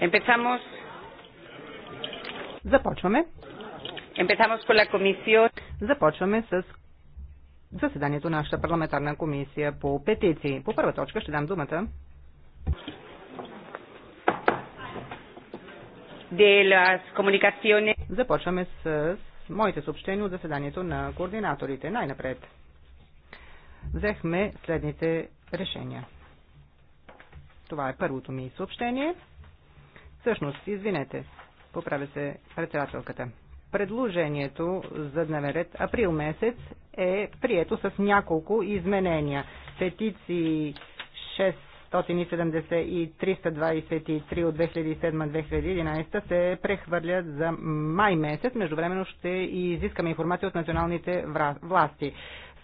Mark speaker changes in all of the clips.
Speaker 1: empezamos.
Speaker 2: Започваме.
Speaker 1: Empezamos con la comisión.
Speaker 2: Започваме с заседанието на нашата парламентарна комисия по петиции. По първа точка ще дам думата. De las comunicaciones. Започваме с моите съобщения от заседанието на координаторите. Най-напред взехме следните решения. Това е първото ми съобщение. Всъщност, извинете, поправя се председателката. Предложението за дневен ред април месец е прието с няколко изменения. Петиции 670 и 323 от 2007-2011 се прехвърлят за май месец. Междувременно ще изискаме информация от националните власти.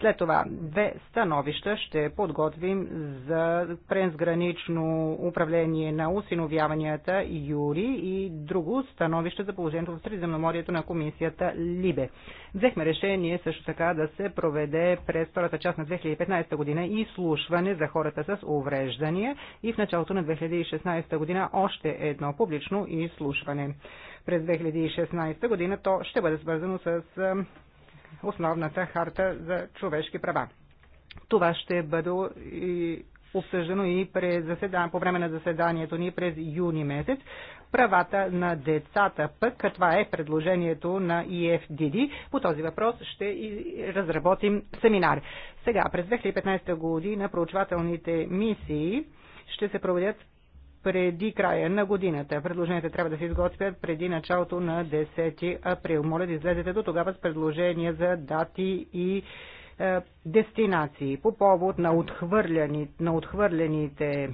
Speaker 2: След това две становища ще подготвим за презгранично управление на усиновяванията Юри и друго становище за положението в Средиземноморието на комисията Либе. Взехме решение също така да се проведе през втората част на 2015 година и слушване за хората с увреждания и в началото на 2016 година още едно публично изслушване. През 2016 година то ще бъде свързано с основната харта за човешки права. Това ще бъде и обсъждано и през заседан, по време на заседанието ни през юни месец. Правата на децата пък, това е предложението на EFDD. По този въпрос ще и разработим семинар. Сега, през 2015 година проучвателните мисии ще се проведят преди края на годината. Предложенията трябва да се изготвят преди началото на 10 април. Моля да излезете до тогава с предложения за дати и е, дестинации. По повод на, отхвърляни, на отхвърлените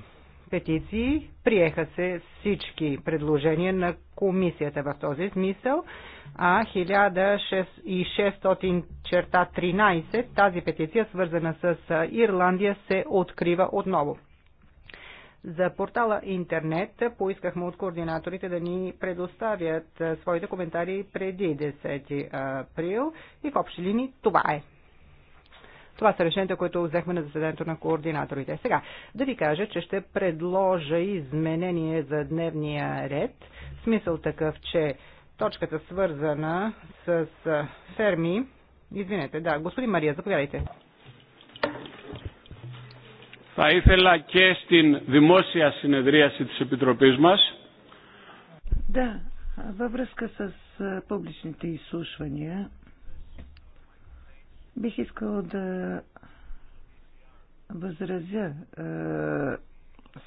Speaker 2: петиции приеха се всички предложения на комисията в този смисъл, а 1600 черта 13 тази петиция свързана с Ирландия се открива отново. За портала интернет поискахме от координаторите да ни предоставят своите коментари преди 10 април и в общи линии това е. Това са решенията, които взехме на заседанието на координаторите. Сега, да ви кажа, че ще предложа изменение за дневния ред. Смисъл такъв, че точката свързана с ферми... Извинете, да, господин Мария, заповядайте.
Speaker 1: Θα ήθελα και στην δημόσια συνεδρίαση της Επιτροπής μας.
Speaker 3: Да, във връзка с публичните изслушвания бих искала да възразя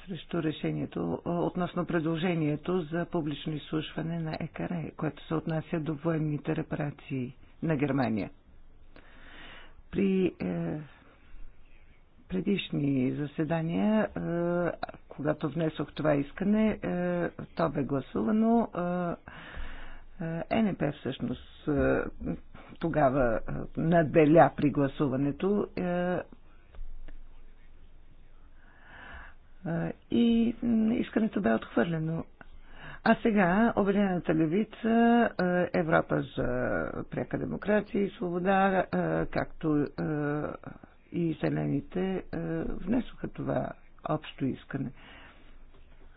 Speaker 3: срещу решението относно предложението за публично изслушване на ЕКР, което се отнася до военните репарации на Германия. При е, предишни заседания, е, когато внесох това искане, е, то бе гласувано. ЕНП е, всъщност тогава надбеля при гласуването и искането бе отхвърлено. А сега Обединената левица, Европа за пряка демокрация и свобода, както и зелените е, внесоха това общо искане.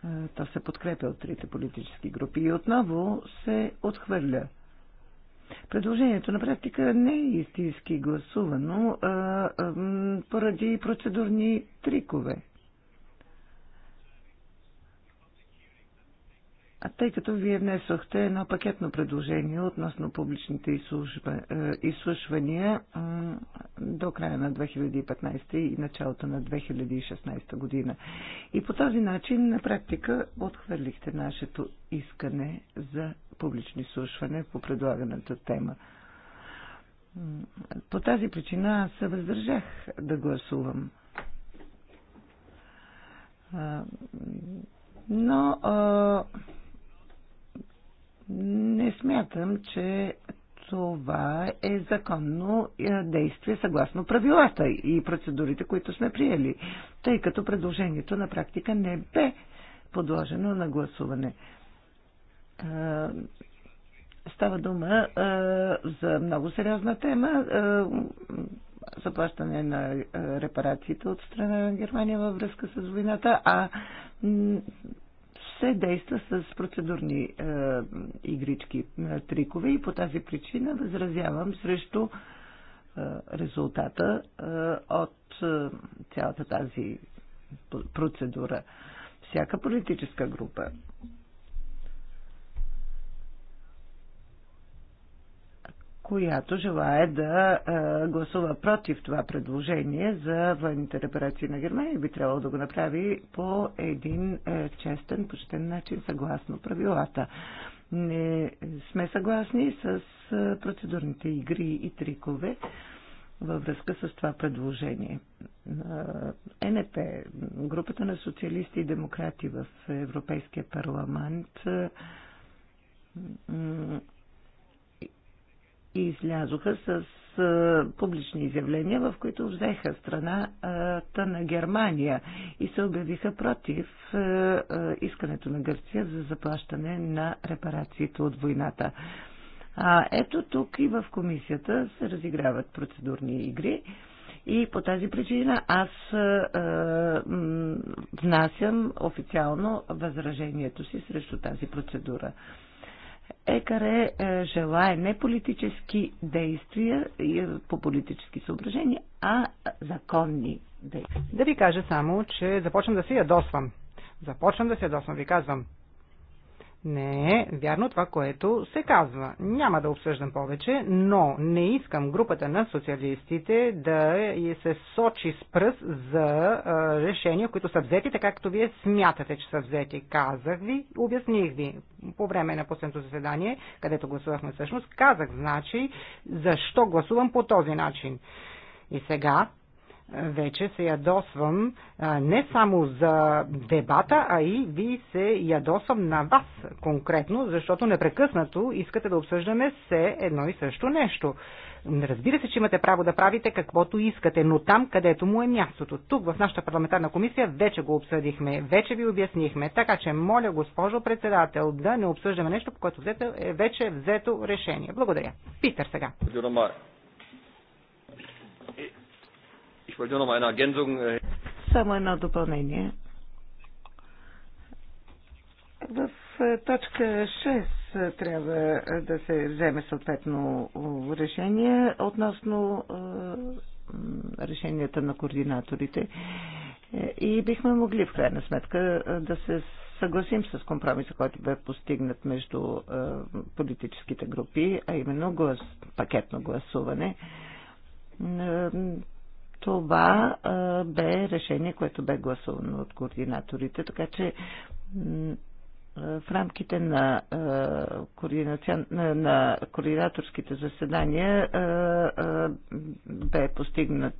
Speaker 3: Е, то се подкрепя от трите политически групи и отново се отхвърля. Предложението на практика не е истински гласувано поради процедурни трикове. А тъй като вие внесохте едно пакетно предложение относно публичните е, изслушвания до края на 2015 и началото на 2016 година. И по този начин на практика отхвърлихте нашето искане за публично изслушване по предлаганата тема. По тази причина аз се въздържах да гласувам. Е, но а, е, не смятам, че това е законно е, действие съгласно правилата и процедурите, които сме приели, тъй като предложението на практика не бе подложено на гласуване. Е, става дума е, за много сериозна тема заплащане на репарациите от страна на Германия във връзка с войната, а се действа с процедурни е, игрички, е, трикове и по тази причина възразявам срещу е, резултата е, от е, цялата тази процедура. Всяка политическа група която желая да гласува против това предложение за военните репарации на Германия и би трябвало да го направи по един честен, почтен начин, съгласно правилата. Не сме съгласни с процедурните игри и трикове във връзка с това предложение. НП, групата на социалисти и демократи в Европейския парламент, и излязоха с публични изявления, в които взеха страната на Германия и се обявиха против искането на Гърция за заплащане на репарациите от войната. А ето тук и в комисията се разиграват процедурни игри. И по тази причина аз е, внасям официално възражението си срещу тази процедура. ЕКАРЕ е, желае не политически действия е, по политически съображения, а законни действия. Да ви кажа само, че започвам да се ядосвам.
Speaker 2: Започвам да се ядосвам, ви казвам. Не е вярно това, което се казва. Няма да обсъждам повече, но не искам групата на социалистите да се сочи с пръст за решения, които са взети, така както вие смятате, че са взети. Казах ви, обясних ви по време на последното заседание, където гласувахме всъщност, казах, значи, защо гласувам по този начин. И сега вече се ядосвам не само за дебата, а и ви се ядосвам на вас конкретно, защото непрекъснато искате да обсъждаме все едно и също нещо. Разбира се, че имате право да правите каквото искате, но там, където му е мястото. Тук, в нашата парламентарна комисия, вече го обсъдихме, вече ви обяснихме. Така че, моля, госпожо председател, да не обсъждаме нещо, по което взето, е вече взето решение. Благодаря. Питър сега.
Speaker 1: Ich wollte nur noch mal eine Ergänzung. Äh,
Speaker 3: Само едно допълнение. В е, точка 6 е, трябва е, да се вземе съответно решение относно решенията на координаторите. И бихме могли в крайна сметка да се съгласим с компромиса, който бе постигнат между политическите групи, а именно глас, пакетно гласуване това а, бе решение, което бе гласувано от координаторите, така че в рамките на, координаци... на координаторските заседания бе постигнат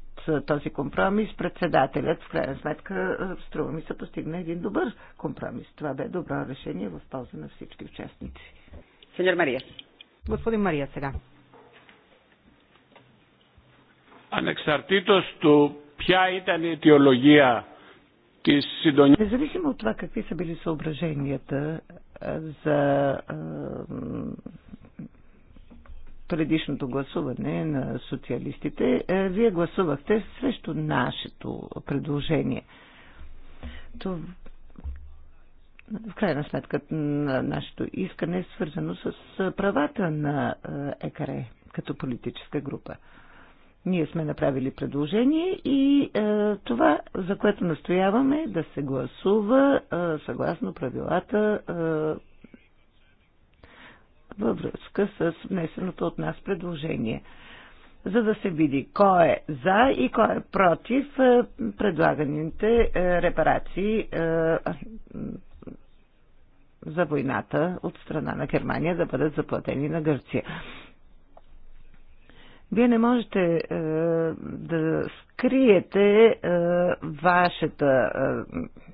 Speaker 3: този компромис. Председателят, в крайна сметка, струва ми се, постигна един добър компромис. Това бе добро решение в полза на всички участници. Сеньор Мария. Господин Мария сега.
Speaker 1: Ανεξαρτήτως του ποια ήταν η αιτιολογία της συντονίας...
Speaker 3: Независимо от това какви са били съображенията за предишното гласуване на социалистите, вие гласувахте срещу нашето предложение. То, в крайна сметка, нашето искане е свързано с правата на ЕКРЕ като политическа група. Ние сме направили предложение и е, това, за което настояваме, е да се гласува е, съгласно правилата е, във връзка с внесеното от нас предложение. За да се види кой е за и кой е против е, предлаганите е, репарации е, за войната от страна на Германия да бъдат заплатени на Гърция. Вие не можете е, да скриете е, вашата е,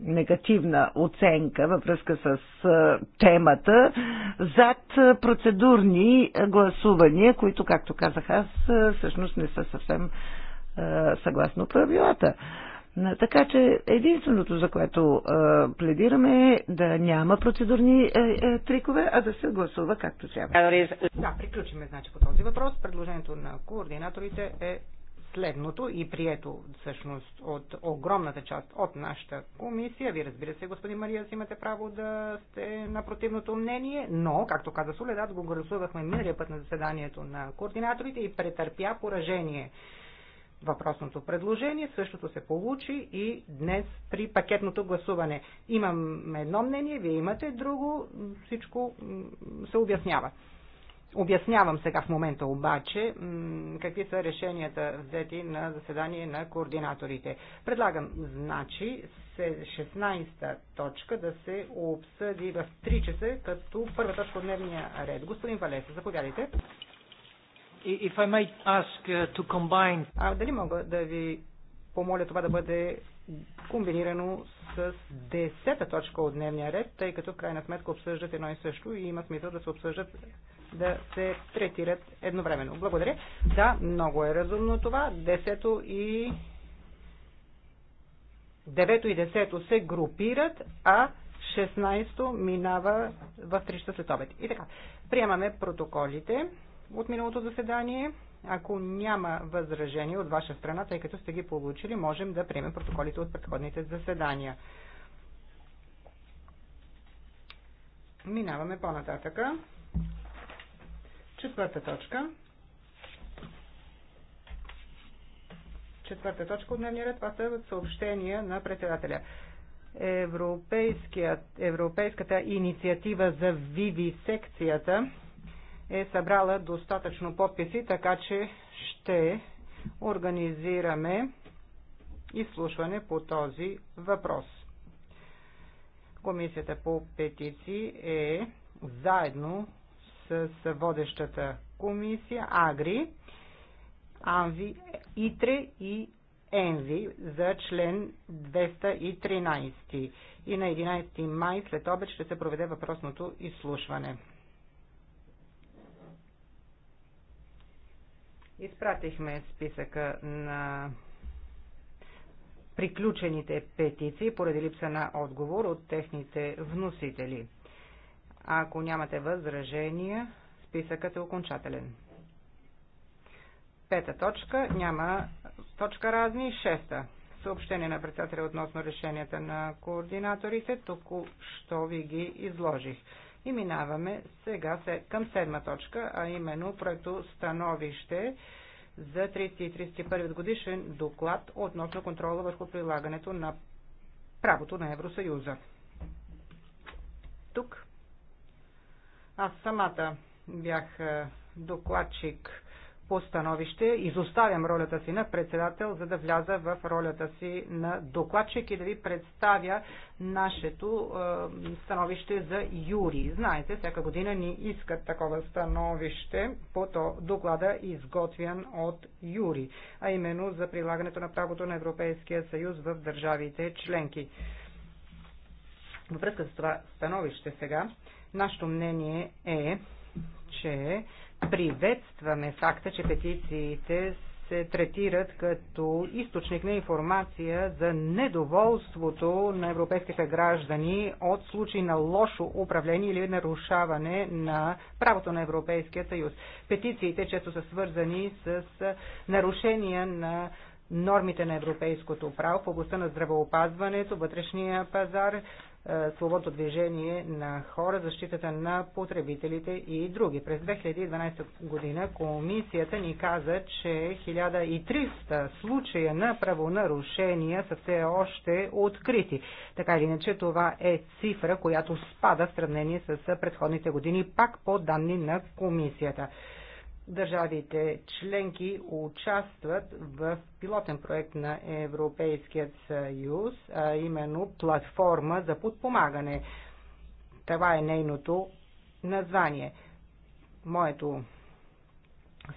Speaker 3: негативна оценка във връзка с е, темата зад процедурни гласувания, които, както казах аз, е, всъщност не са съвсем е, съгласно правилата. Е, така че единственото, за което а, пледираме е да няма процедурни е, е, трикове, а да се гласува както трябва.
Speaker 2: Да, приключиме значи по този въпрос. Предложението на координаторите е следното и прието всъщност от огромната част от нашата комисия. Вие разбира се, господин Мария, си имате право да сте на противното мнение, но, както каза Соледат, го гласувахме миналия път на заседанието на координаторите и претърпя поражение въпросното предложение. Същото се получи и днес при пакетното гласуване. Имам едно мнение, вие имате друго, всичко се обяснява. Обяснявам сега в момента обаче какви са решенията взети на заседание на координаторите. Предлагам, значи, 16-та точка да се обсъди в 3 часа като първа точка от дневния ред. Господин Валеса, заповядайте. If I might
Speaker 3: ask uh, to combine...
Speaker 2: А дали мога да ви помоля това да бъде комбинирано с десета точка от дневния ред, тъй като в крайна сметка обсъждат едно и също и има смисъл да се обсъждат, да се третират едновременно. Благодаря. Да, много е разумно това. Десето и... Девето и десето се групират, а 16-то минава в 3 след обед. И така, приемаме протоколите от миналото заседание. Ако няма възражение от ваша страна, тъй като сте ги получили, можем да приемем протоколите от предходните заседания. Минаваме по-нататъка. Четвърта точка. Четвърта точка от дневния ред, това са съобщения на председателя. Европейската инициатива за виви секцията е събрала достатъчно подписи, така че ще организираме изслушване по този въпрос. Комисията по петиции е заедно с водещата комисия Агри, Анви, Итре и Енви за член 213. И на 11 май след обед ще се проведе въпросното изслушване. Изпратихме списъка на приключените петиции поради липса на отговор от техните вносители. Ако нямате възражения, списъкът е окончателен. Пета точка няма точка разни. Шеста. Съобщение на председателя относно решенията на координаторите. Току-що ви ги изложих. И минаваме сега към седма точка, а именно проекто становище за 30-31 годишен доклад относно контрола върху прилагането на правото на Евросъюза. Тук аз самата бях е, докладчик по становище. Изоставям ролята си на председател, за да вляза в ролята си на докладчик и да ви представя нашето е, становище за Юри. Знаете, всяка година ни искат такова становище по то доклада, изготвян от Юри, а именно за прилагането на правото на Европейския съюз в държавите членки. Във връзка с това становище сега, нашето мнение е, че приветстваме факта, че петициите се третират като източник на информация за недоволството на европейските граждани от случаи на лошо управление или нарушаване на правото на Европейския съюз. Петициите често са свързани с нарушения на нормите на европейското право в областта на здравеопазването, вътрешния пазар, е, свободното движение на хора, защитата на потребителите и други. През 2012 година комисията ни каза, че 1300 случая на правонарушения са все още открити. Така или иначе това е цифра, която спада в сравнение с предходните години, пак по данни на комисията държавите членки участват в пилотен проект на Европейският съюз, а именно платформа за подпомагане. Това е нейното название. Моето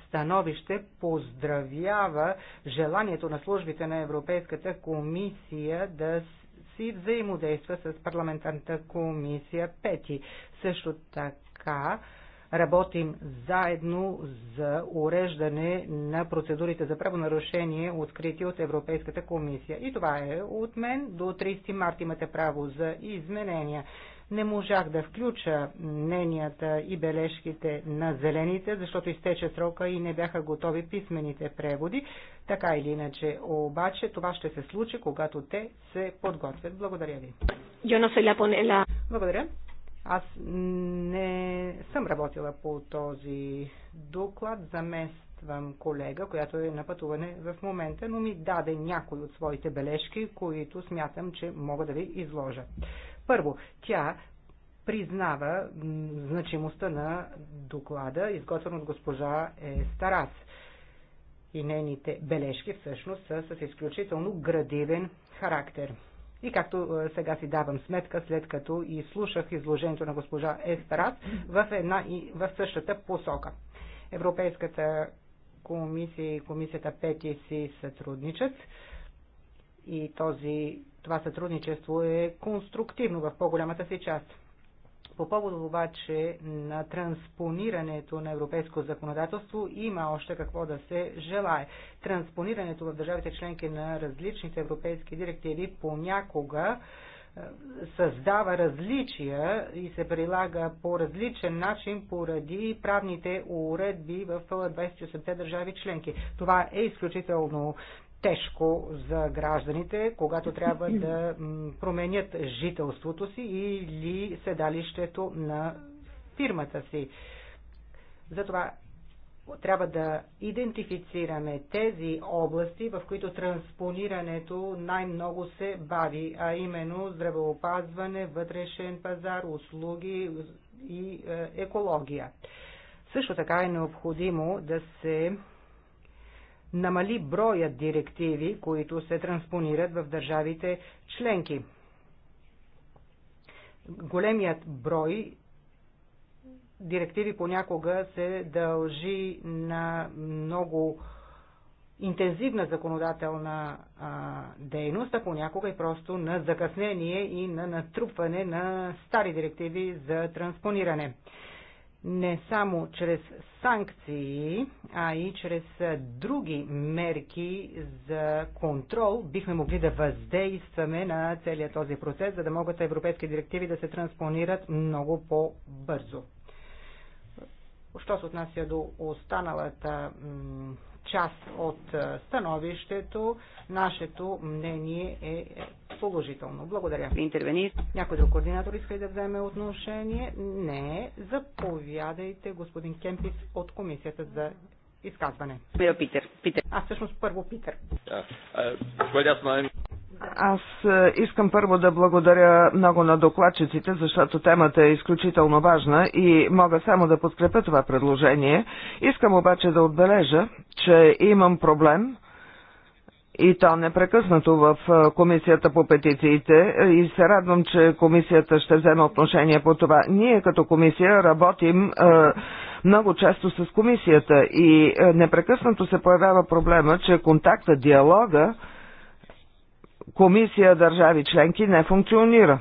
Speaker 2: становище поздравява желанието на службите на Европейската комисия да си взаимодейства с парламентарната комисия Пети. Също така, работим заедно за уреждане на процедурите за правонарушение, открити от Европейската комисия. И това е от мен. До 30 марта имате право за изменения. Не можах да включа мненията и бележките на зелените, защото изтече срока и не бяха готови писмените преводи. Така или иначе, обаче това ще се случи, когато те се подготвят. Благодаря ви. Благодаря. Аз не съм работила по този доклад, замествам колега, която е на пътуване в момента, но ми даде някои от своите бележки, които смятам, че мога да ви изложа. Първо, тя признава значимостта на доклада, изготвен от госпожа е. Старас. И нейните бележки всъщност са с изключително градивен характер. И както е, сега си давам сметка, след като и слушах изложението на госпожа Естерас в, една и, в същата посока. Европейската комисия и комисията Пети си сътрудничат и този, това сътрудничество е конструктивно в по-голямата си част. По повод обаче на транспонирането на европейско законодателство има още какво да се желае. Транспонирането в държавите членки на различните европейски директиви понякога е, създава различия и се прилага по различен начин поради правните уредби в 28-те държави членки. Това е изключително тежко за гражданите, когато трябва да променят жителството си или седалището на фирмата си. Затова трябва да идентифицираме тези области, в които транспонирането най-много се бави, а именно здравеопазване, вътрешен пазар, услуги и е, екология. Също така е необходимо да се намали броят директиви, които се транспонират в държавите членки. Големият брой директиви понякога се дължи на много интензивна законодателна а, дейност, а понякога и просто на закъснение и на натрупване на стари директиви за транспониране не само чрез санкции, а и чрез други мерки за контрол бихме могли да въздействаме на целият този процес, за да могат европейски директиви да се транспонират много по-бързо. Що се отнася до останалата част от е, становището. Нашето мнение е, е положително. Благодаря. Интервенир. Някой друг координатор иска да вземе отношение? Не. Заповядайте, господин Кемпис от Комисията за изказване. Питер. Питер. А, всъщност първо Питер.
Speaker 1: Да. Е,
Speaker 4: аз е, искам първо да благодаря много на докладчиците, защото темата е изключително важна и мога само да подкрепя това предложение. Искам обаче да отбележа, че имам проблем и то непрекъснато в е, Комисията по петициите е, и се радвам, че Комисията ще вземе отношение по това. Ние като Комисия работим много често с Комисията и непрекъснато се появява проблема, че контакта, диалога комисия държави членки не функционира.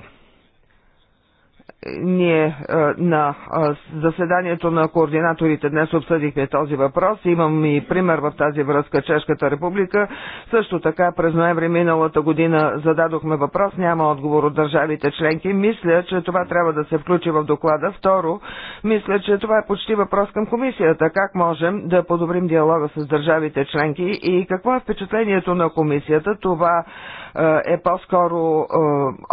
Speaker 4: Ние е, на е, заседанието на координаторите днес обсъдихме този въпрос. Имам и пример в тази връзка Чешката република. Също така през ноември миналата година зададохме въпрос. Няма отговор от държавите членки. Мисля, че това трябва да се включи в доклада. Второ, мисля, че това е почти въпрос към комисията. Как можем да подобрим диалога с държавите членки и какво е впечатлението на комисията? Това е, е по-скоро е,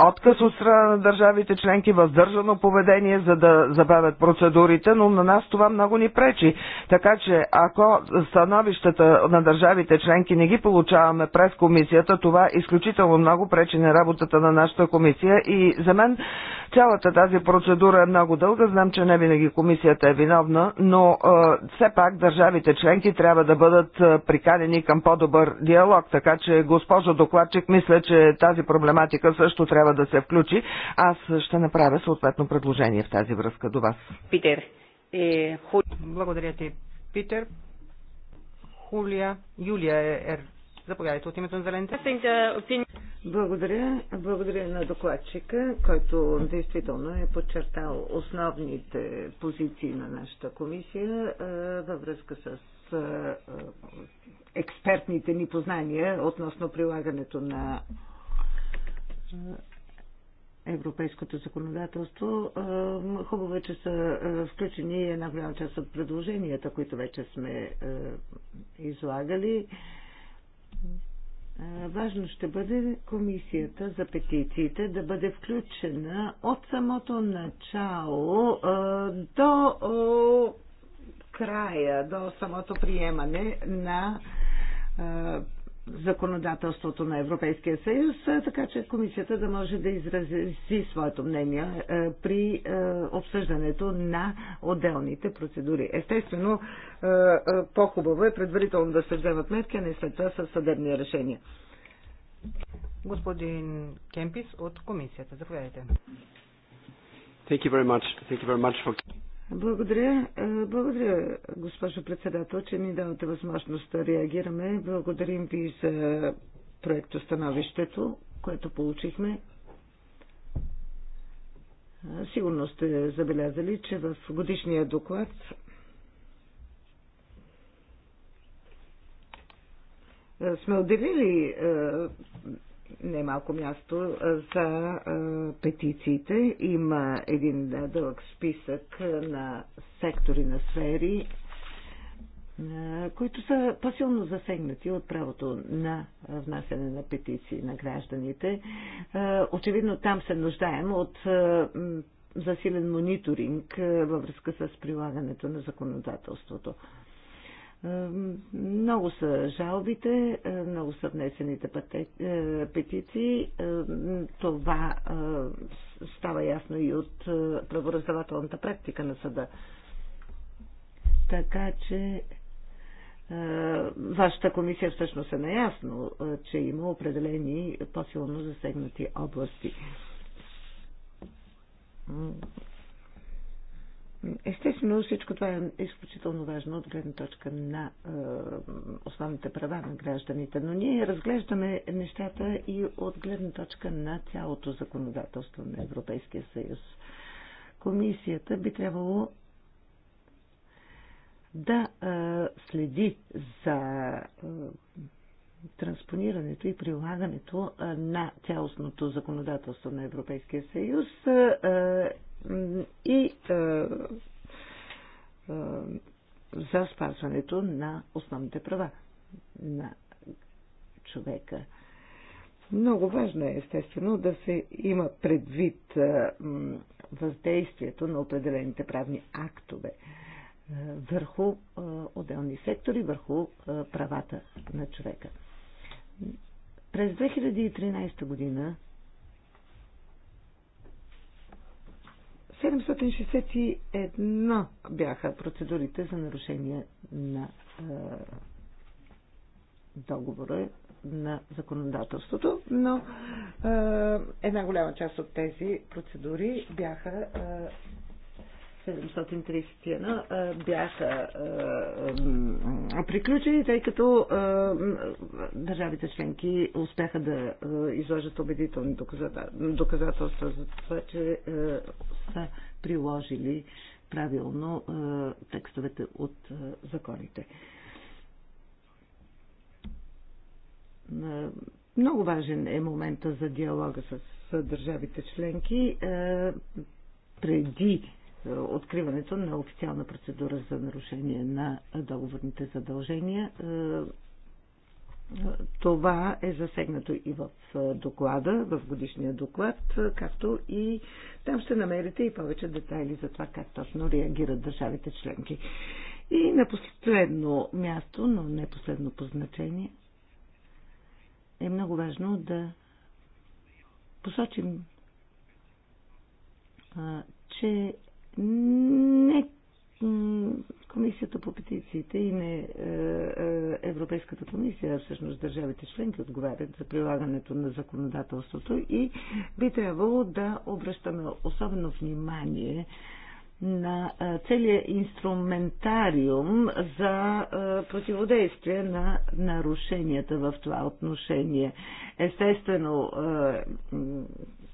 Speaker 4: отказ от страна на държавите членки, въздържано поведение, за да забавят процедурите, но на нас това много ни пречи. Така че, ако становищата на държавите членки не ги получаваме през комисията, това изключително много пречи на работата на нашата комисия и за мен цялата тази процедура е много дълга. Знам, че не винаги комисията е виновна, но е, все пак държавите членки трябва да бъдат приканени към по-добър диалог. Така че, госпожо докладчик, мисля, мисля, че тази проблематика също трябва да се включи. Аз ще направя съответно предложение в тази връзка до вас.
Speaker 2: Питер. Е, ху... Благодаря ти, Питер. Хулия, Юлия е, е Заповядайте от името на Зелените. Uh,
Speaker 3: Благодаря. Благодаря на докладчика, който действително е подчертал основните позиции на нашата комисия във връзка с експертните ни познания относно прилагането на е, европейското законодателство. Е, хубаво е, че са е, включени една голяма част от предложенията, които вече сме излагали. Важно ще бъде комисията за петициите да бъде включена от самото начало до края, до самото приемане на законодателството на Европейския съюз, така че комисията да може да изрази своето мнение при обсъждането на отделните процедури. Естествено, по-хубаво е предварително да се вземат мерки, а не след това със съдебни решения.
Speaker 2: Господин Кемпис от комисията, заповядайте.
Speaker 1: Thank you very much. Thank you very much for...
Speaker 3: Благодаря. Е, благодаря, госпожо председател, че ни давате възможност да реагираме. Благодарим ви за проектостановището, което получихме. Е, сигурно сте забелязали, че в годишния доклад сме отделили е, малко място за петициите. Има един дълъг списък на сектори, на сфери, които са по-силно засегнати от правото на внасяне на петиции на гражданите. Очевидно там се нуждаем от засилен мониторинг във връзка с прилагането на законодателството. Много са жалбите, много са внесените е, петиции. Е, това е, става ясно и от правораздавателната практика на съда. Така че вашата комисия всъщност е наясно, че има определени по-силно засегнати области. Естествено, всичко това е изключително важно от гледна точка на е, основните права на гражданите, но ние разглеждаме нещата и от гледна точка на цялото законодателство на Европейския съюз. Комисията би трябвало да е, следи за е, транспонирането и прилагането е, на цялостното законодателство на Европейския съюз. Е, и е, е, за спазването на основните права на човека. Много важно е, естествено, да се има предвид е, въздействието на определените правни актове върху отделни сектори, върху правата на човека. През 2013 година 761 бяха процедурите за нарушение на е, договора на законодателството, но е, една голяма част от тези процедури бяха е, 731 бяха приключени, тъй като държавите членки успяха да изложат убедителни доказателства за това, че са приложили правилно текстовете от законите. Много важен е момента за диалога с държавите членки преди откриването на официална процедура за нарушение на договорните задължения. Е, това е засегнато и в доклада, в годишния доклад, както и там ще намерите и повече детайли за това как точно реагират държавите членки. И на последно място, но не последно по значение, е много важно да посочим, че не Комисията по петициите и не е, е, Европейската комисия, всъщност държавите членки отговарят за прилагането на законодателството и би трябвало да обръщаме особено внимание на е, целият инструментариум за противодействие на нарушенията в това отношение. Естествено,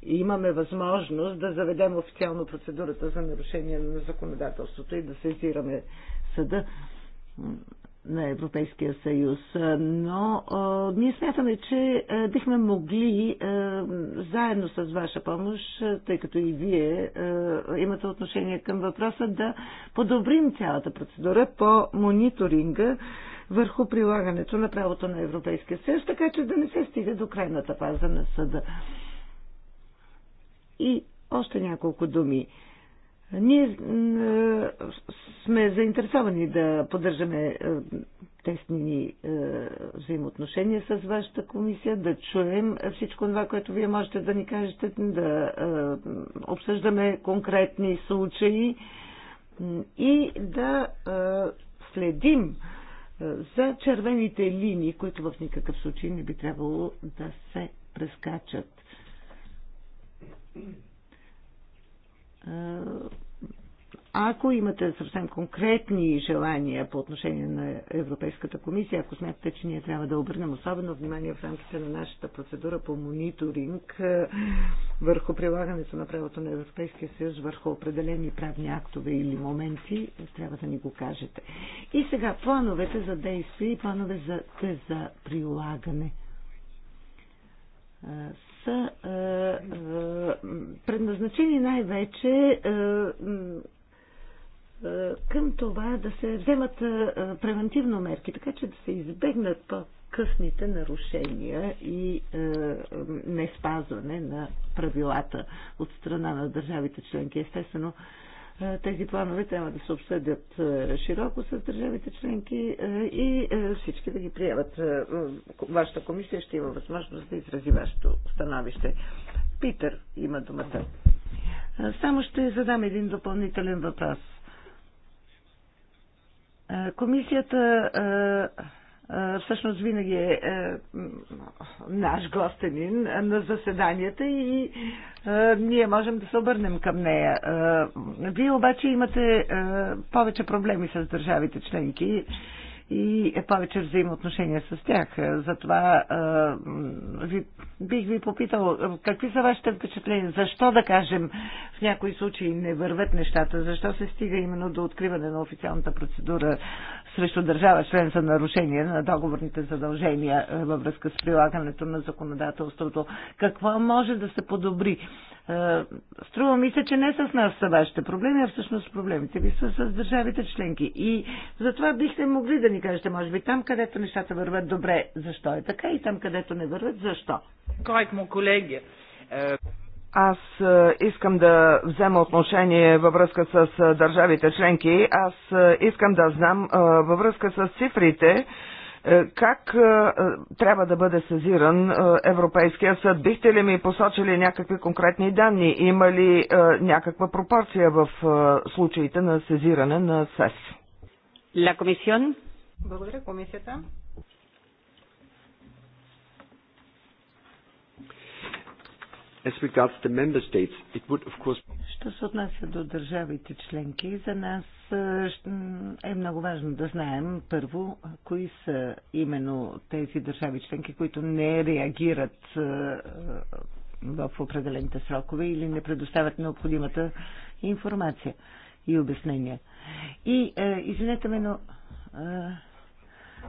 Speaker 3: и имаме възможност да заведем официално процедурата за нарушение на законодателството и да сезираме съда на Европейския съюз. Но а, ние смятаме, че а, бихме могли а, заедно с ваша помощ, тъй като и вие а, имате отношение към въпроса, да подобрим цялата процедура по мониторинга върху прилагането на правото на Европейския съюз, така че да не се стига до крайната фаза на съда. И още няколко думи. Ние сме заинтересовани да поддържаме е, тесни ни е, взаимоотношения с вашата комисия, да чуем всичко това, което вие можете да ни кажете, да е, обсъждаме конкретни случаи и да следим за червените линии, които в никакъв случай не би трябвало да се прескачат. Ако имате съвсем конкретни желания по отношение на Европейската комисия, ако смятате, че ние трябва да обърнем особено внимание в рамките на нашата процедура по мониторинг върху прилагането на правото на Европейския съюз, върху определени правни актове или моменти, трябва да ни го кажете. И сега плановете за действие и планове за, за прилагане са а, е, а, е, предназначени най-вече е, към това да се вземат а, превентивно мерки, така че да се избегнат по-късните нарушения и а, не спазване на правилата от страна на държавите членки. Естествено, а, е, тези планове трябва да се обсъдят е, широко с държавите членки е, и всички да ги приемат. Вашата комисия ще има възможност да изрази вашето становище. Питър има думата. Само ще задам един допълнителен въпрос. Комисията всъщност винаги е, е наш гостенин на заседанията и ние можем да се обърнем към нея. Вие обаче имате повече проблеми с държавите членки и е повече взаимоотношения с тях. Затова ви, бих ви попитал, какви са вашите впечатления? Защо, да кажем, в някои случаи не върват нещата? Защо се стига именно до откриване на официалната процедура срещу държава член за нарушение на договорните задължения във връзка с прилагането на законодателството? Какво може да се подобри? струва ми се, че не с нас са вашите проблеми, а всъщност проблемите ви са с държавите членки. И затова бихте могли да ни ни кажете, може би там, където нещата върват добре, защо е така и там, където не върват, защо? Как е му колеги? Е,
Speaker 4: Аз е, искам да взема отношение във връзка с държавите членки. Аз искам да знам във връзка с цифрите, как трябва да бъде сезиран Европейския съд? Бихте ли ми посочили някакви конкретни данни? Има ли някаква пропорция в случаите на сезиране на СЕС? La Comisión
Speaker 2: благодаря комисията.
Speaker 1: As regards the member states, it would of course...
Speaker 3: Що се отнася до държавите членки, за нас е много важно да знаем първо, кои са именно тези държави членки, които не реагират е, в определените срокове или не предоставят необходимата информация и обяснения. И, е, извинете ме, но е,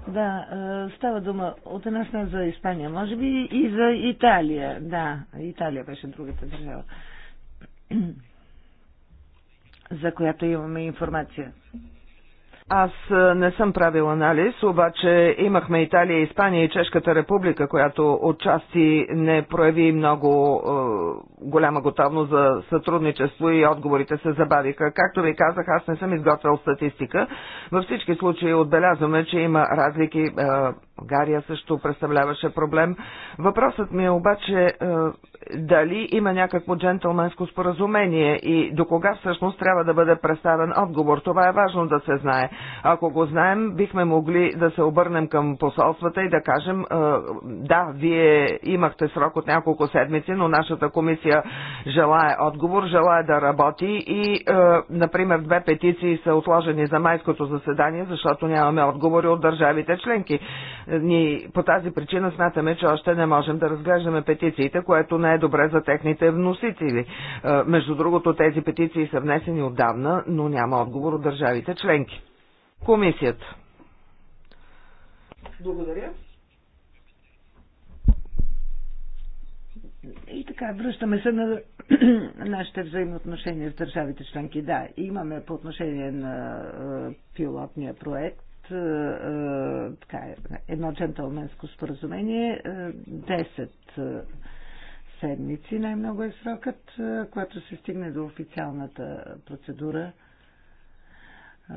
Speaker 3: да, е, става дума от една страна за Испания, може би и за Италия. Да, Италия беше другата държава,
Speaker 4: за която имаме информация. Аз е, не съм правил анализ, обаче имахме Италия, Испания и Чешката република, която отчасти не прояви много е, голяма готовност за сътрудничество и отговорите се забавиха. Както ви казах, аз не съм изготвял статистика. Във всички случаи отбелязваме, че има разлики е, България също представляваше проблем. Въпросът ми е обаче е, дали има някакво джентълменско споразумение и до кога всъщност трябва да бъде представен отговор. Това е важно да се знае. Ако го знаем, бихме могли да се обърнем към посолствата и да кажем, е, да, вие имахте срок от няколко седмици, но нашата комисия желая отговор, желая да работи и, е, например, две петиции са отложени за майското заседание, защото нямаме отговори от държавите членки ни, по тази причина смятаме, че още не можем да разглеждаме петициите, което не е добре за техните вносители. Е, между другото, тези петиции са внесени отдавна, но няма отговор от държавите членки. Комисията. Благодаря.
Speaker 3: И така, връщаме се на нашите взаимоотношения с държавите членки. Да, имаме по отношение на е, пилотния проект е, е, така, едно джентълменско споразумение. 10 е, седмици най-много е срокът, когато се стигне до официалната процедура. Е,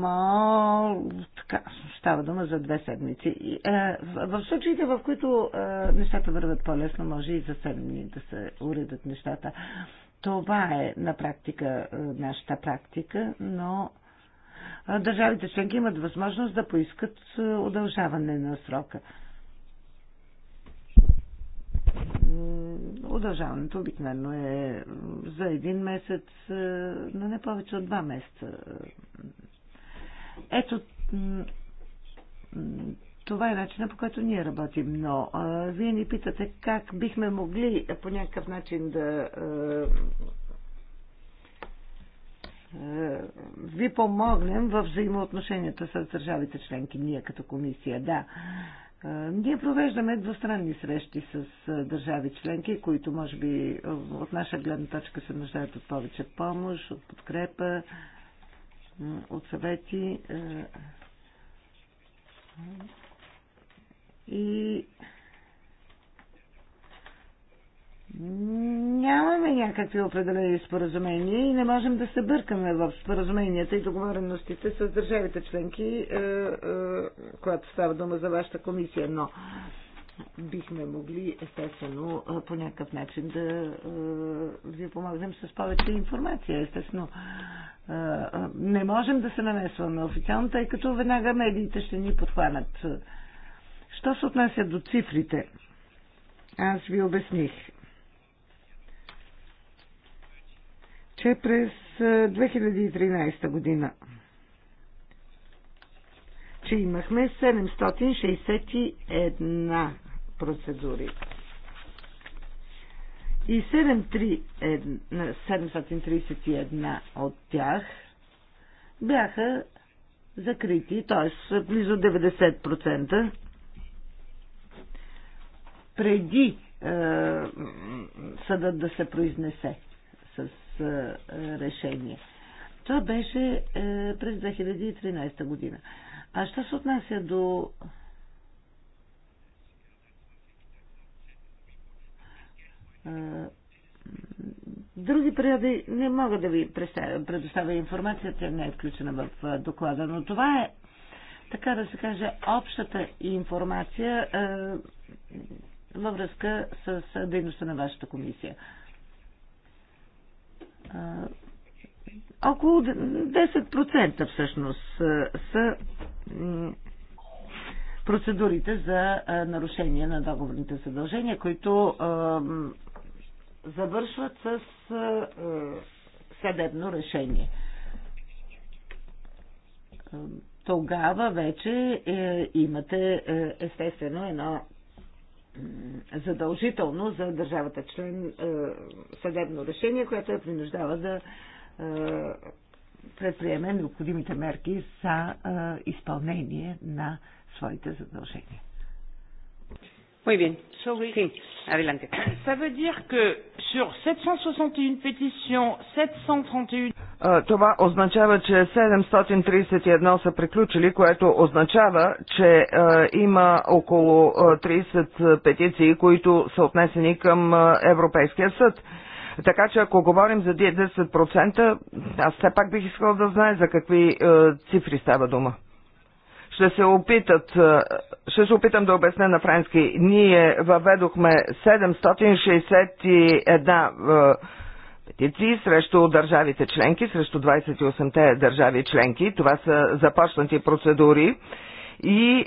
Speaker 3: мал, така, става дума за две седмици. в, случаите, в които нещата върват по-лесно, може и за седмици да се уредят нещата. Това е на практика нашата практика, но държавите членки имат възможност да поискат удължаване на срока. Удължаването обикновено е за един месец, но не повече от два месеца. Ето, това е начина по който ние работим, но а, вие ни питате как бихме могли по някакъв начин да а, е, ви помогнем в взаимоотношенията с държавите членки, ние като комисия, да. Е, ние провеждаме двустранни срещи с е, държави членки, които може би от наша гледна точка се нуждаят от повече помощ, от подкрепа, от съвети. И Нямаме някакви определени споразумения и не можем да се бъркаме в споразуменията и договореностите с държавите членки, е, е, когато става дума за вашата комисия, но бихме могли естествено е, по някакъв начин да е, ви помогнем с повече информация. Естествено, е, е, не можем да се намесваме официално, тъй като веднага медиите ще ни подхванат. Що се отнася до цифрите? Аз ви обясних че през 2013 година че имахме 761 процедури. И 731 от тях бяха закрити, т.е. близо 90% преди е, съдът да се произнесе с решение. Това беше е, през 2013 година. А що се отнася до е, Други периоди не мога да ви предоставя информация, тя не е включена в е, доклада, но това е, така да се каже, общата информация във връзка с дейността на вашата комисия около 10% всъщност са процедурите за нарушение на договорните задължения, които завършват с съдебно решение. Тогава вече е, имате е, естествено едно задължително за държавата член е, съдебно решение, което я принуждава да е, предприеме необходимите мерки за е, изпълнение на своите задължения. Muy bien. Sorry. Sí, adelante. Ça veut dire que sur
Speaker 2: 761 pétitions, 731
Speaker 4: това означава, че 731 са приключили, което означава, че има около 30 петиции, които са отнесени към Европейския съд. Така че ако говорим за 10%, аз все пак бих искал да знае за какви цифри става дума ще се опитат, е, ще се опитам да обясня на френски. Ние въведохме 761 е, петиции срещу държавите членки, срещу 28-те държави членки. Това са започнати процедури и е,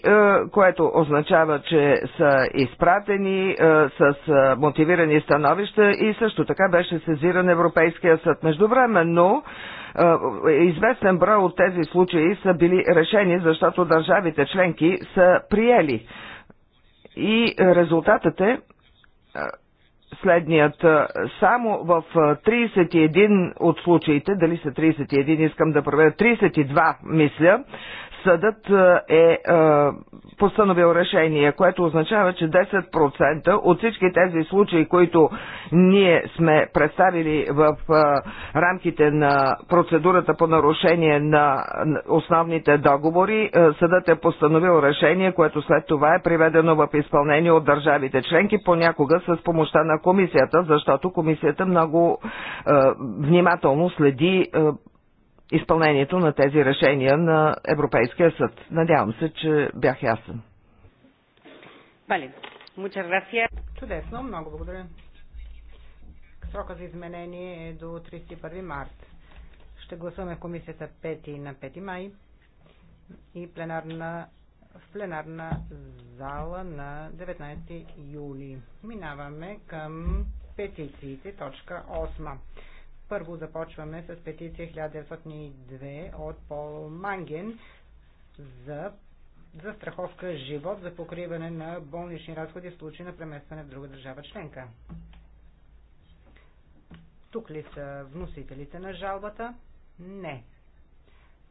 Speaker 4: което означава, че са изпратени е, с е, мотивирани становища и също така беше сезиран Европейския съд. Междувременно но е, известен брой от тези случаи са били решени, защото държавите членки са приели. И резултатът е, е следният. Е, само в 31 от случаите, дали са 31, искам да проверя, 32 мисля, съдът е, е постановил решение, което означава, че 10% от всички тези случаи, които ние сме представили в е, рамките на процедурата по нарушение на основните договори, е, съдът е постановил решение, което след това е приведено в изпълнение от държавите членки, понякога с помощта на комисията, защото комисията много внимателно следи изпълнението на тези решения на Европейския съд. Надявам се, че бях ясен.
Speaker 2: Вали. Чудесно, много благодаря. Срока за изменение е до 31 март. Ще гласуваме в комисията 5 на 5 май и пленарна, в пленарна зала на 19 юли. Минаваме към петициите, точка 8. Първо започваме с петиция 1902 от Пол Манген за за страховка живот за покриване на болнични разходи в случай на преместване в друга държава членка. Тук ли са вносителите на жалбата? Не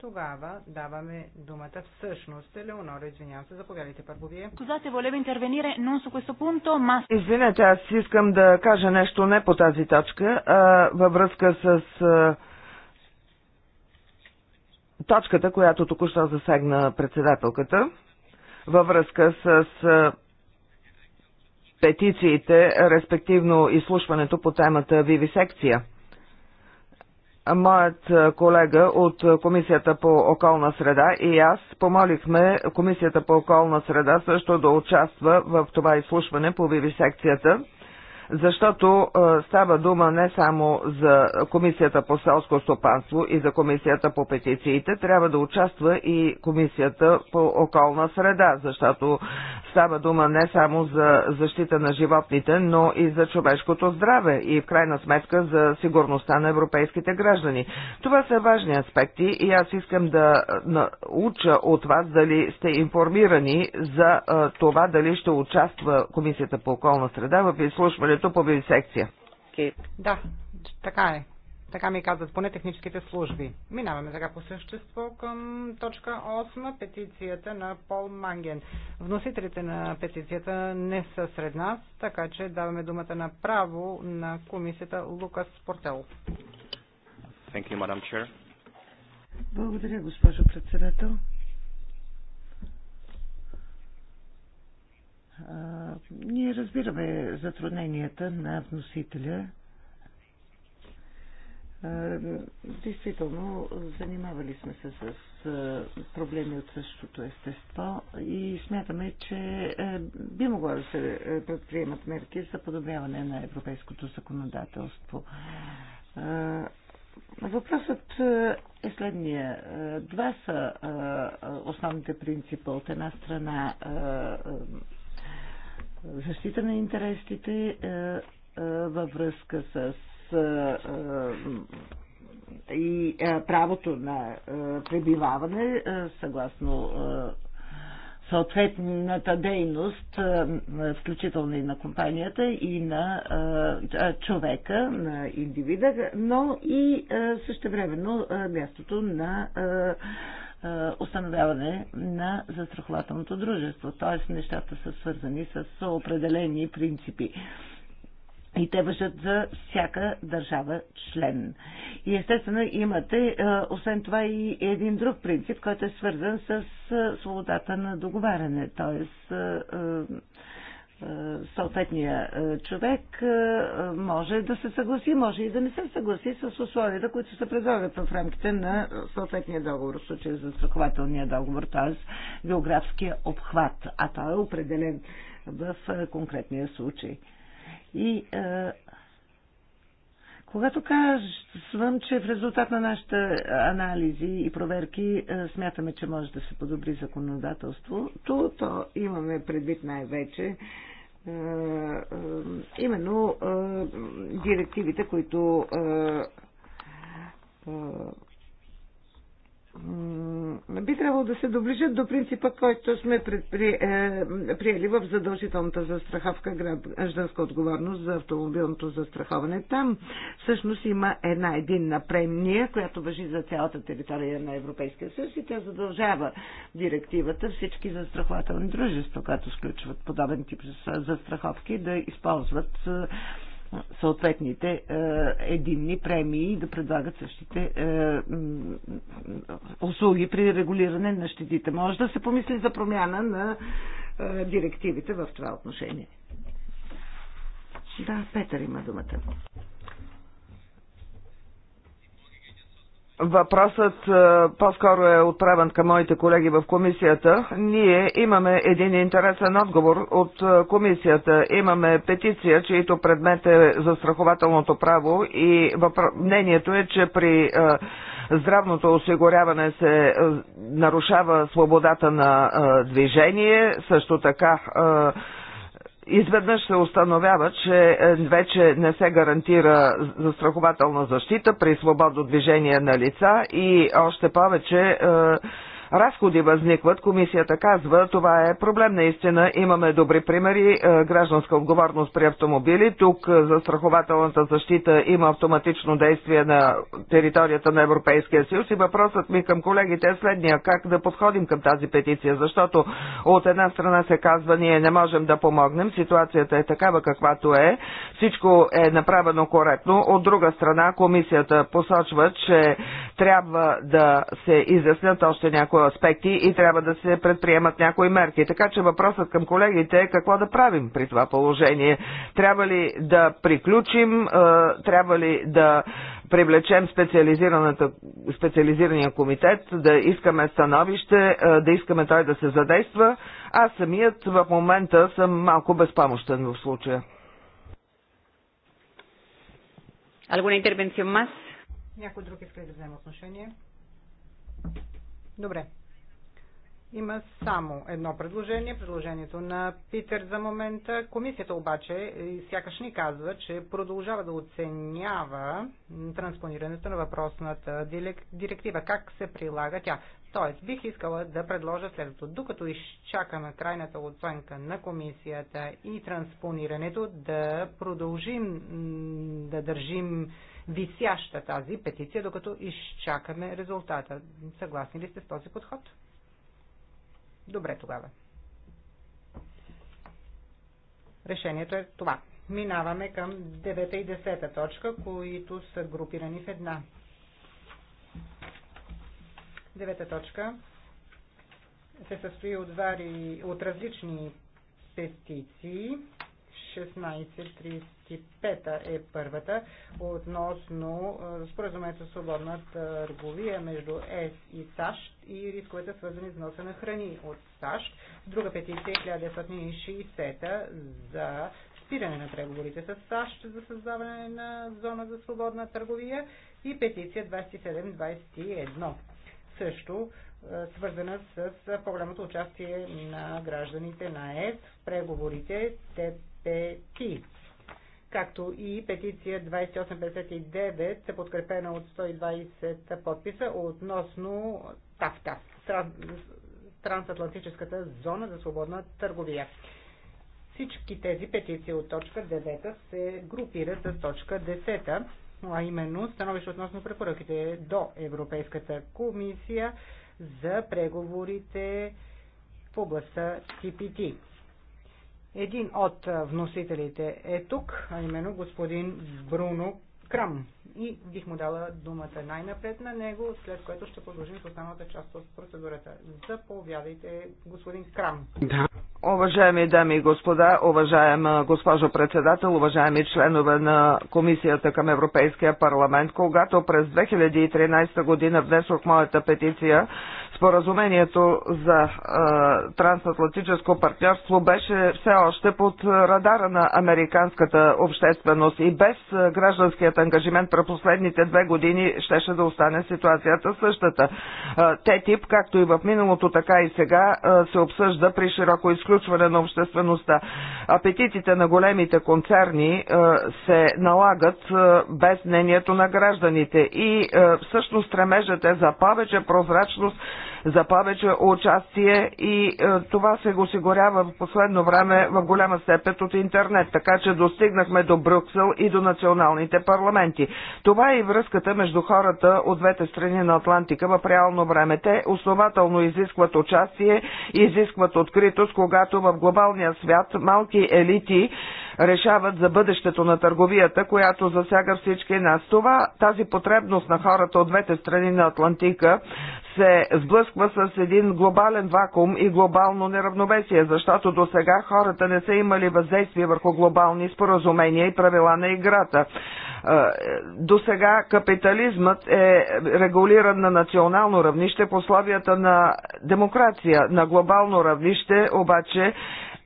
Speaker 2: тогава даваме думата всъщност. Леонора, извинявам се, заповядайте първо вие.
Speaker 4: Козате, волево интервенире, но с questo punto, ма... Извинете, аз искам да кажа нещо не по тази точка, а във връзка с а, точката, която току-що засегна председателката, във връзка с а, петициите, респективно изслушването по темата вивисекция. Моят колега от Комисията по околна среда и аз помолихме Комисията по околна среда също да участва в това изслушване по вивисекцията защото е, става дума не само за Комисията по селско стопанство и за Комисията по петициите, трябва да участва и Комисията по околна среда, защото става дума не само за защита на животните, но и за човешкото здраве и в крайна сметка за сигурността на европейските граждани. Това са важни аспекти и аз искам да е, науча от вас дали сте информирани за е, това дали ще участва Комисията по околна среда в изслушване гласуването по вивисекция.
Speaker 2: Okay. Да, така е. Така ми казват поне техническите служби. Минаваме сега по същество към точка 8, петицията на Пол Манген. Вносителите на петицията не са сред нас, така че даваме думата на право на комисията
Speaker 3: Лукас Портел.
Speaker 1: Thank you, Madam Chair.
Speaker 3: Благодаря, госпожо председател. ние разбираме затрудненията на вносителя. Действително, занимавали сме се с проблеми от същото естество и смятаме, че би могло да се предприемат мерки за подобряване на европейското законодателство. Въпросът е следния. Два са основните принципа. От една страна защита на интересите е, е, във връзка с е, и правото на пребиваване съгласно съответната дейност, включително и на компанията, и на човека, на индивида, но и същевременно мястото на е, установяване на застрахователното дружество. Т.е. нещата са свързани с определени принципи. И те въжат за всяка държава член. И естествено имате, е, освен това, и един друг принцип, който е свързан с е, свободата на договаряне. Тоест, е, съответния е, човек е, може да се съгласи, може и да не се съгласи с условията, които се предлагат в рамките на съответния договор, в случая за страхователния договор, т.е. географския обхват, а той е определен в конкретния случай. И когато казвам, че в резултат на нашите анализи и проверки смятаме, че може да се подобри законодателството, то имаме предвид най-вече е, е, именно е, директивите, които би трябвало да се доближат до принципа, който сме е, приели в задължителната застраховка гражданска отговорност за автомобилното застраховане. Там всъщност има една единна премия, която въжи за цялата територия на Европейския съюз и тя задължава директивата всички застрахователни дружества, които сключват подобен тип застраховки, да използват е, съответните е, единни премии да предлагат същите е, услуги при регулиране на щетите. Може да се помисли за промяна на е, директивите
Speaker 4: в това отношение. Да, Петър има думата. Въпросът е, по-скоро е отправен към моите колеги в комисията. Ние имаме един интересен отговор от е, комисията. Имаме петиция, чието предмет е застрахователното право и въпро... мнението е, че при е, здравното осигуряване се нарушава свободата на движение, също така изведнъж се установява, че е, вече не се гарантира застрахователна защита при свободно движение на лица и още повече е, разходи възникват, комисията казва, това е проблем наистина. Имаме добри примери, е, гражданска отговорност при автомобили. Тук е, за страхователната защита има автоматично действие на територията на Европейския съюз и въпросът ми към колегите е следния. Как да подходим към тази петиция? Защото от една страна се казва, ние не можем да помогнем, ситуацията е такава каквато е, всичко е направено коректно. От друга страна, комисията посочва, че трябва да се изяснят още някои аспекти и трябва да се предприемат някои мерки. Така че въпросът към колегите е какво да правим при това положение. Трябва ли да приключим, трябва ли да привлечем специализирания комитет, да искаме становище, да искаме той да се задейства. Аз самият в момента съм малко безпомощен в случая.
Speaker 2: Alguna intervención más? Някой друг иска да вземе отношение? Добре. Има само едно предложение, предложението на Питер за момента. Комисията обаче сякаш ни казва, че продължава да оценява транспонирането на въпросната директива, как се прилага тя. Тоест, бих искала да предложа следното. Докато изчакаме крайната оценка на комисията и транспонирането, да продължим да държим висяща тази петиция, докато изчакаме резултата. Съгласни ли сте с този подход? Добре тогава. Решението е това. Минаваме към 9 и 10 точка, които са групирани в една. Девета точка се състои от, вари, от различни петиции. 1635 е първата относно споразумението с свободна търговия между ЕС и САЩ и рисковете свързани с носа на храни от САЩ. Друга петиция е 1960 за спиране на преговорите с САЩ за създаване на зона за свободна търговия и петиция 2721 също свързана с по-голямото участие на гражданите на ЕС в преговорите. Те пети. Както и петиция 2859, подкрепена от 120 подписа относно ТАФТА, Трансатлантическата зона за свободна търговия. Всички тези петиции от точка 9 се групират с точка 10, а именно становище относно препоръките до Европейската комисия за преговорите в областта ТПТ. Един от вносителите е тук, а именно господин Бруно Крам. И бих му дала думата най-напред на него, след което ще продължим с останалата част от процедурата. Заповядайте, господин Крам.
Speaker 4: Да. Уважаеми дами и господа, уважаема госпожо председател, уважаеми членове на Комисията към Европейския парламент, когато през 2013 година внесох моята петиция, споразумението за е, трансатлантическо партньорство беше все още под радара на американската общественост и без гражданският ангажимент през последните две години щеше да остане ситуацията същата. Те тип, както и в миналото, така и сега, се обсъжда при широко изключване на обществеността. Апетитите на големите концерни се налагат без мнението на гражданите и всъщност стремежът е за повече прозрачност за повече участие и е, това се го осигурява в последно време в голяма степен от интернет, така че достигнахме до Брюксел и до националните парламенти. Това е и връзката между хората от двете страни на Атлантика в реално време. Те основателно изискват участие, изискват откритост, когато в глобалния свят малки елити решават за бъдещето на търговията, която засяга всички нас. Това, тази потребност на хората от двете страни на Атлантика се сблъсква с един глобален вакуум и глобално неравновесие, защото до сега хората не са имали въздействие върху глобални споразумения и правила на играта. Е, до сега капитализмът е регулиран на национално равнище по на демокрация. На глобално равнище обаче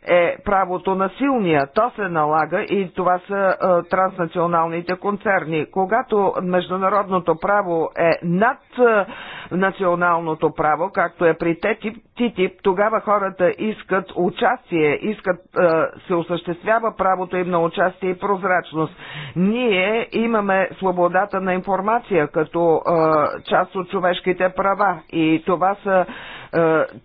Speaker 4: е правото на силния. То се налага и това са е, транснационалните концерни. Когато международното право е над е, националното право, както е при ТТИП, ТИТИП, тогава хората искат участие, искат е, се осъществява правото им на участие и прозрачност. Ние имаме свободата на информация като е, част от човешките права и това са е,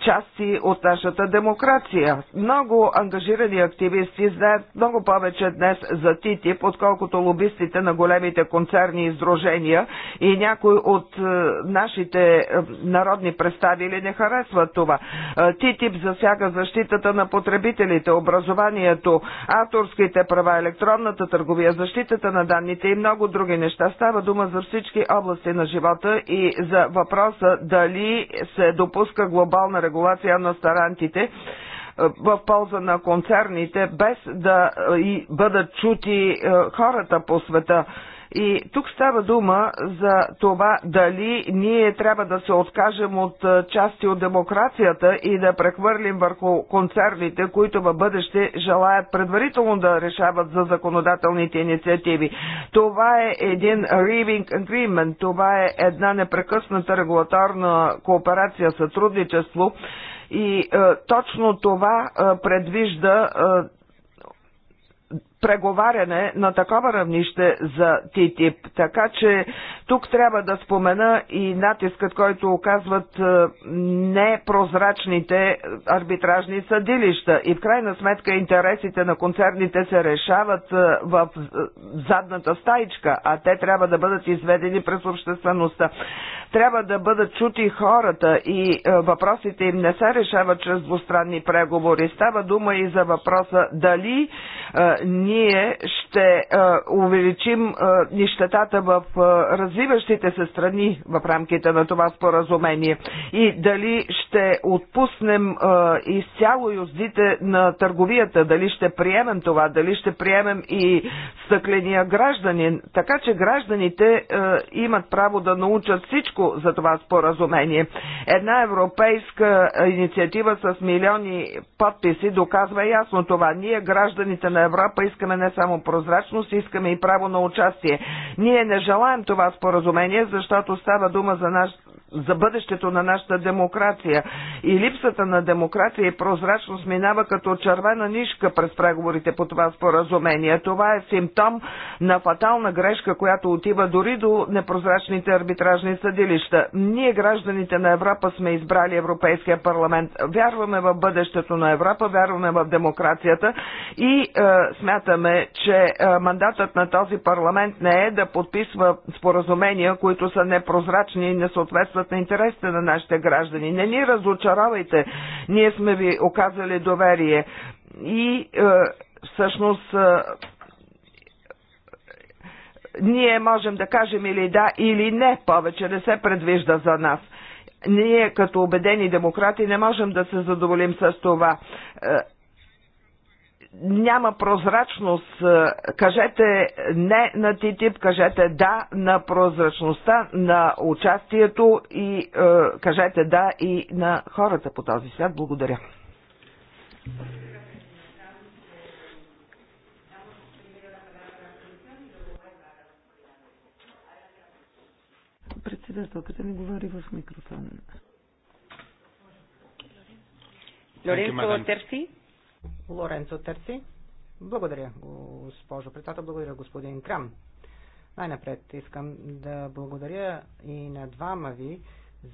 Speaker 4: части от нашата демокрация. Много ангажирани активисти знаят много повече днес за ТИТИП, отколкото лобистите на големите концерни издружения и някои от е, нашите е, народни представители не харесват това. ТИТИП засяга защитата на потребителите, образованието, авторските права, електронната търговия, защитата на данните и много други неща. Става дума за всички области на живота и за въпроса дали се допуска глобално глобална регулация на старантите е, в полза на концерните, без да е, и бъдат чути е, хората по света. И тук става дума за това дали ние трябва да се откажем от части от демокрацията и да прехвърлим върху концерните, които във бъдеще желаят предварително да решават за законодателните инициативи. Това е един Reaving Agreement, това е една непрекъсната регулаторна кооперация, сътрудничество, и е, точно това е, предвижда е, преговаряне на такова равнище за ТИТИП. Така че тук трябва да спомена и натискът, който оказват е, непрозрачните арбитражни съдилища. И в крайна сметка интересите на концерните се решават е, в е, задната стаичка, а те трябва да бъдат изведени през обществеността. Трябва да бъдат чути хората и въпросите им не се решават чрез двустранни преговори. Става дума и за въпроса дали ни ние ще увеличим нищетата в развиващите се страни в рамките на това споразумение и дали ще отпуснем изцяло юздите на търговията, дали ще приемем това, дали ще приемем и стъкления гражданин, така че гражданите имат право да научат всичко за това споразумение. Една европейска инициатива с милиони подписи доказва ясно това. Ние, гражданите на Европа, искаме искаме не само прозрачност, искаме и право на участие. Ние не желаем това споразумение, защото става дума за наш за бъдещето на нашата демокрация. И липсата на демокрация и прозрачност минава като червена нишка през преговорите по това споразумение. Това е симптом на фатална грешка, която отива дори до непрозрачните арбитражни съдилища. Ние, гражданите на Европа, сме избрали Европейския парламент. Вярваме в бъдещето на Европа, вярваме в демокрацията и е, смятаме, смятаме, че мандатът на този парламент не е да подписва споразумения, които са непрозрачни и не съответстват на интересите на нашите граждани. Не ни разочаровайте, ние сме ви оказали доверие. И всъщност ние можем да кажем или да, или не, повече не се предвижда за нас. Ние като убедени демократи не можем да се задоволим с това няма прозрачност. Е, кажете не на ТТИП, кажете да на прозрачността, на участието и е, кажете да и на хората по този свят. Благодаря.
Speaker 3: Председателката ми говори в микрофон.
Speaker 2: Лоренцо Терси? Лоренцо Търси. Благодаря, госпожо председател. Благодаря, господин Крам. Най-напред искам да благодаря и на двама ви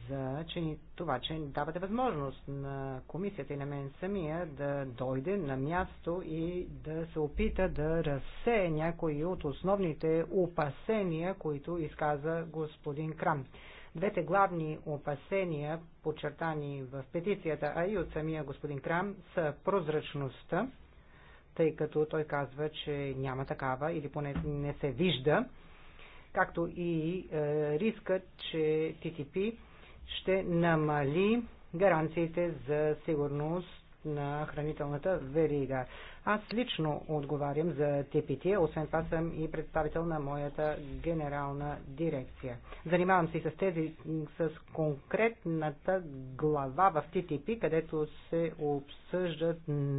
Speaker 2: за че ни, това, че давате възможност на комисията и на мен самия да дойде на място и да се опита да разсее някои от основните опасения, които изказа господин Крам. Двете главни опасения, подчертани в петицията, а и от самия господин Крам, са прозрачността, тъй като той казва, че няма такава или поне не се вижда, както и е, рискът, че ТТП ще намали гаранциите за сигурност на хранителната верига. Аз лично отговарям за ТПТ, освен това съм и представител на моята генерална дирекция. Занимавам се и с тези, с конкретната глава в ТТП, където се обсъждат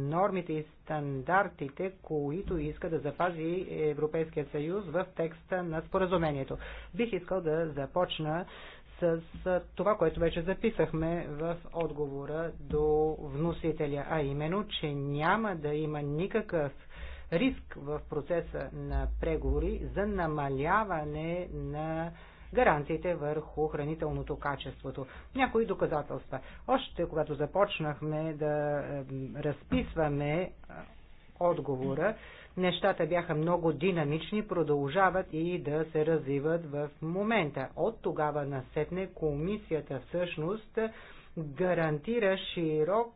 Speaker 2: нормите и стандартите, които иска да запази Европейския съюз в текста на споразумението. Бих искал да започна с това, което вече записахме в отговора до вносителя, а именно, че няма да има никакъв риск в процеса на преговори за намаляване на гаранциите върху хранителното качеството. Някои доказателства. Още когато започнахме да разписваме отговора, Нещата бяха много динамични, продължават и да се развиват в момента. От тогава насетне комисията всъщност гарантира широк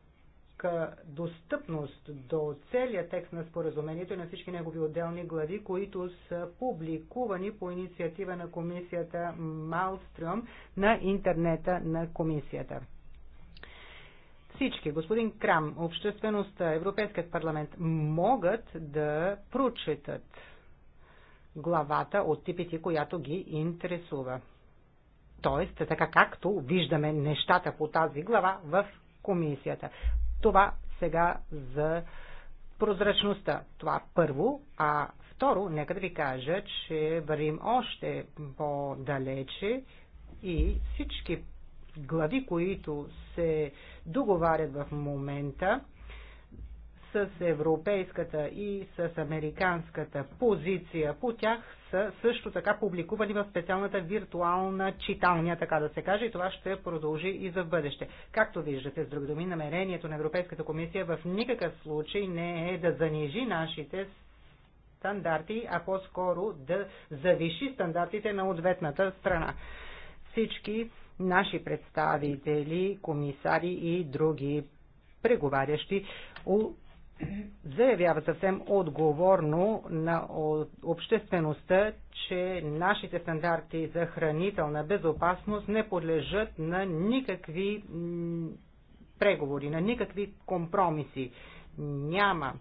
Speaker 2: достъпност до целия текст на споразумението и на всички негови отделни глави, които са публикувани по инициатива на комисията Малстрюм на интернета на комисията всички, господин Крам, обществеността, Европейският парламент могат да прочетат главата от типите, която ги интересува. Тоест, така както виждаме нещата по тази глава в комисията. Това сега за прозрачността. Това първо. А второ, нека да ви кажа, че вървим още по-далече и всички глави, които се договарят в момента с европейската и с американската позиция по тях са също така публикувани в специалната виртуална читалня, така да се каже, и това ще продължи и за бъдеще. Както виждате, с други думи, намерението на Европейската комисия в никакъв случай не е да занижи нашите стандарти, а по-скоро да завиши стандартите на ответната страна. Всички наши представители, комисари и други преговарящи заявява съвсем отговорно на обществеността, че нашите стандарти за хранителна безопасност не подлежат на никакви преговори, на никакви компромиси. Няма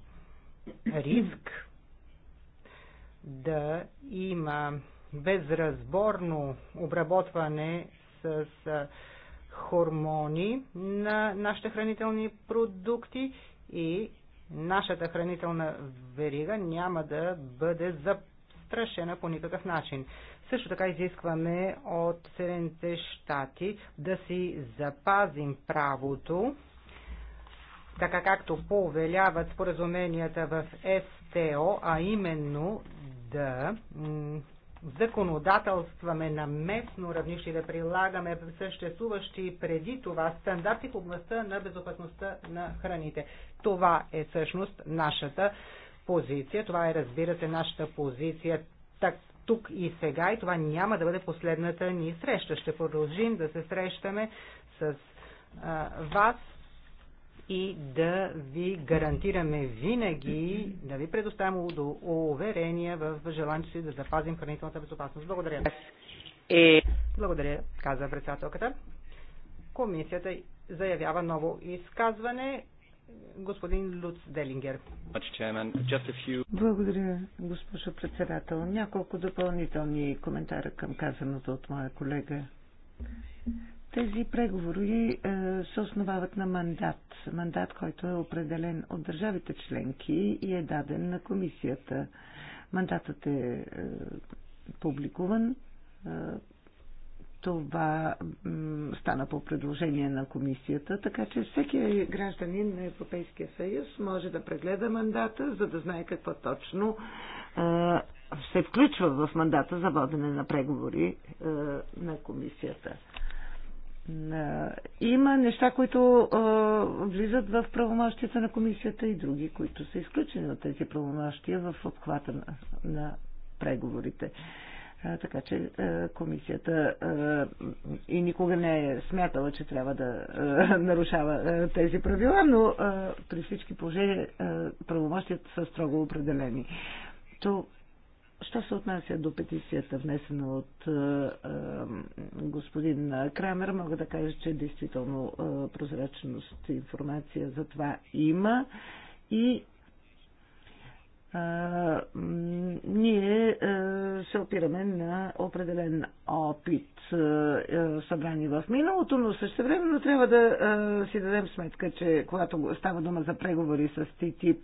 Speaker 2: риск да има безразборно обработване с хормони на нашите хранителни продукти и нашата хранителна верига няма да бъде застрашена по никакъв начин. Също така изискваме от Съединените щати да си запазим правото, така както повеляват споразуменията в СТО, а именно да законодателстваме на местно равнище и да прилагаме съществуващи преди това стандарти в областта на безопасността на храните. Това е всъщност нашата позиция. Това е, разбира се, нашата позиция так, тук и сега и това няма да бъде последната ни среща. Ще продължим да се срещаме с а, вас и да ви гарантираме винаги, да ви предоставим уверения в желанието си да запазим хранителната безопасност. Благодаря. Е. Благодаря, каза председателката. Комисията заявява ново изказване. Господин Луц Делингер.
Speaker 3: Благодаря, госпожо председател. Няколко допълнителни коментара към казаното от моя колега. Тези преговори е, се основават на мандат. Мандат, който е определен от държавите членки и е даден на комисията. Мандатът е, е публикуван. Е, това стана по предложение на комисията, така че всеки гражданин на Европейския съюз може да прегледа мандата, за да знае какво точно се включва в мандата за водене на преговори на комисията. Е, има неща, които е, влизат в правомощията на комисията и други, които са изключени от тези правомощия в обхвата на, на преговорите. Е, така че комисията и никога не е смятала, че трябва да нарушава тези правила, но при всички положения правомощията са строго определени. То Що се отнася до петицията, внесена от а, е, е, господин Крамер, мога да кажа, че действително а, е, прозрачност, информация за това има и ние се опираме на определен опит, е, събрани в миналото, но също време трябва да си дадем сметка, че когато става дума за преговори с ТТИП,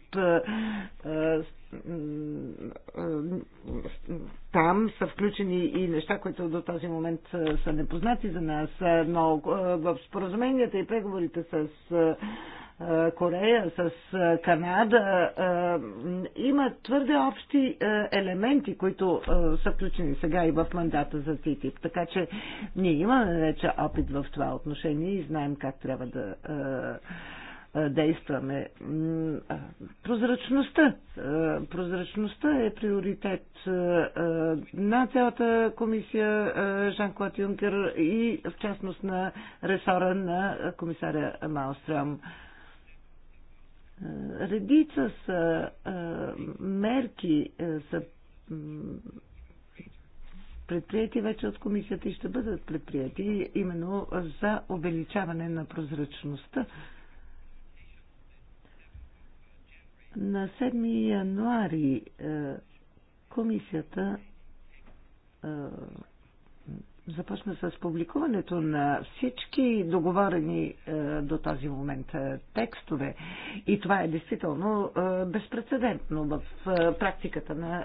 Speaker 3: там са включени и неща, които до този момент са непознати за нас, но в споразуменията и преговорите с Корея, с Канада, има твърде общи елементи, които са включени сега и в мандата за ТТИП. Така че ние имаме вече опит в това отношение и знаем как трябва да действаме. Прозрачността. Прозрачността е приоритет на цялата комисия жан клад Юнкер и в частност на ресора на комисаря Маустрам. Редица са мерки са предприяти вече от комисията и ще бъдат предприяти именно за увеличаване на прозрачността. На 7 януари комисията започна с публикуването на всички договорени е, до този момент е, текстове. И това е действително е, безпредседентно в практиката на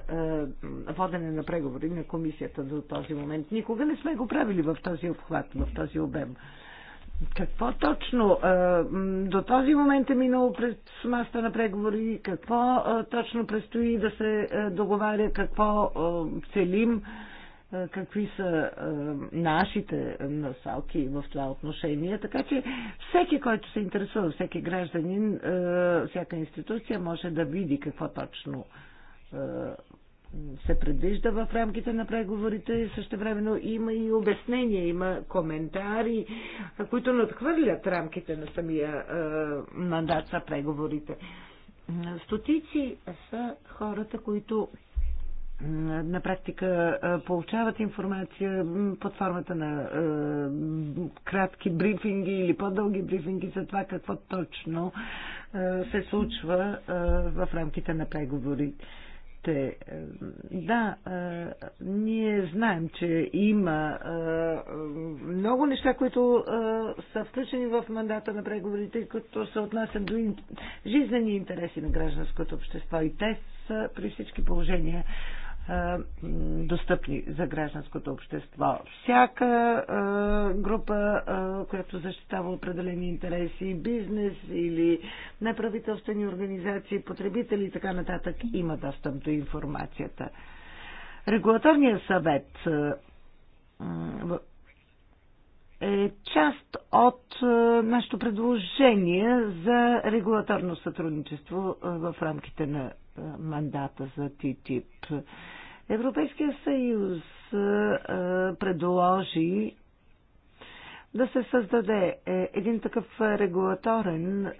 Speaker 3: водене на преговори на комисията до този момент. Никога не сме го правили в този обхват, в този обем. Какво точно до този момент е минало през масата на преговори? Какво точно предстои да се договаря? Какво целим? какви са нашите насалки в това отношение. Така че всеки, който се интересува, всеки гражданин, всяка институция може да види какво точно се предвижда в рамките на преговорите и също времено има и обяснения, има коментари, които надхвърлят рамките на самия мандат за преговорите. Стотици са хората, които на практика получават информация под формата на кратки брифинги или по-дълги брифинги за това какво точно се случва в рамките на преговорите. Да, ние знаем, че има много неща, които са включени в мандата на преговорите, които се отнасят до жизнени интереси на гражданското общество и те са при всички положения е, достъпни за гражданското общество. Всяка е, група, е, която защитава определени интереси, бизнес или неправителствени организации, потребители и така нататък, има достъп до информацията. Регулаторният съвет е част от е, нашето предложение за регулаторно сътрудничество е, в рамките на е, мандата за ТТИП. Европейския съюз предложи да се създаде е, един такъв е, регулаторен е,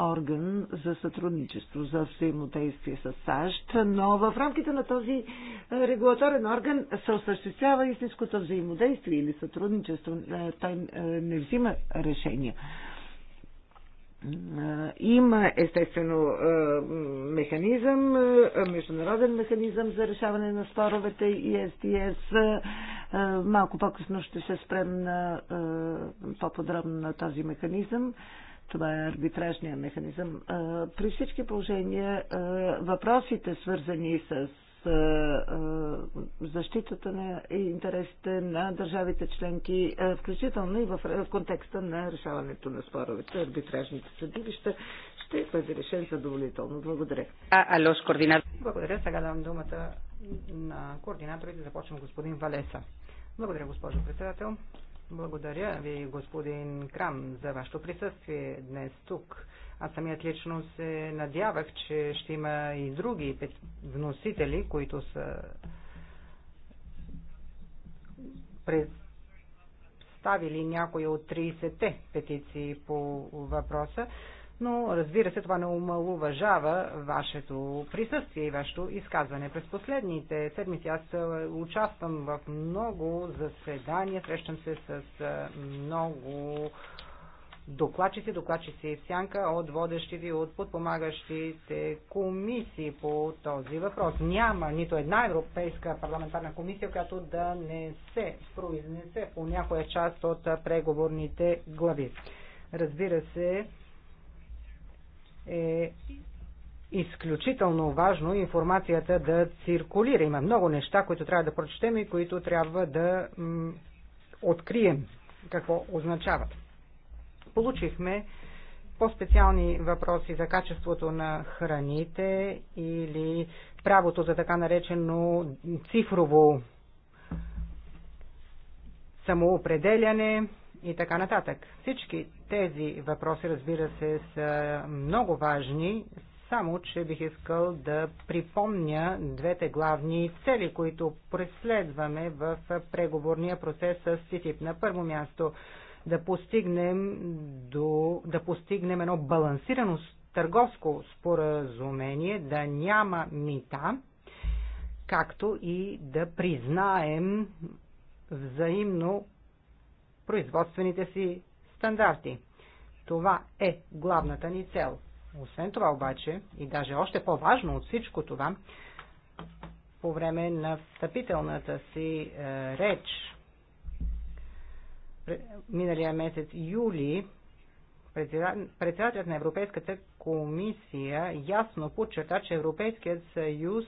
Speaker 3: орган за сътрудничество, за взаимодействие с САЩ, но в рамките на този е, регулаторен орган се осъществява истинското взаимодействие или сътрудничество. Той не взима решения. Има естествено е, механизъм, е, международен механизъм за решаване на споровете и SDS. Е, малко по-късно ще се спрем на, по-подробно на този механизъм. Това е арбитражния механизъм. При всички положения въпросите, свързани с е, е, защитата на интересите на държавите членки, е, включително и в контекста на решаването на споровете, арбитражните съдилища, ще бъде решен задоволително. Благодаря. А, алош, координатор. Благодаря. Сега давам думата
Speaker 2: на координаторите. Започвам господин Валеса. Благодаря, госпожо председател. Благодаря ви, господин Крам, за вашето присъствие днес тук. Аз самият лично се надявах, че ще има и други вносители, които са представили някои от 30-те петиции по въпроса, но разбира се, това не омалуважава вашето присъствие и вашето изказване. През последните седмици аз е, участвам в много заседания, срещам се с е, много докладчици, докладчици и сянка от водещите и от подпомагащите комисии по този въпрос. Няма нито една европейска парламентарна комисия, която да не се произнесе по някоя част от преговорните глави. Разбира се, е изключително важно информацията да циркулира. Има много неща, които трябва да прочетем и които трябва да открием какво означават. Получихме по-специални въпроси за качеството на храните или правото за така наречено цифрово самоопределяне и така нататък. Всички тези въпроси, разбира се, са много важни, само че бих искал да припомня двете главни цели, които преследваме в преговорния процес с ТИТИП. На първо място да постигнем, до, да постигнем едно балансирано търговско споразумение, да няма мита, както и да признаем взаимно производствените си стандарти. Това е главната ни цел. Освен това обаче, и даже още по-важно от всичко това, по време на встъпителната си е, реч миналия месец юли председателят на Европейската комисия ясно подчерта, че Европейският съюз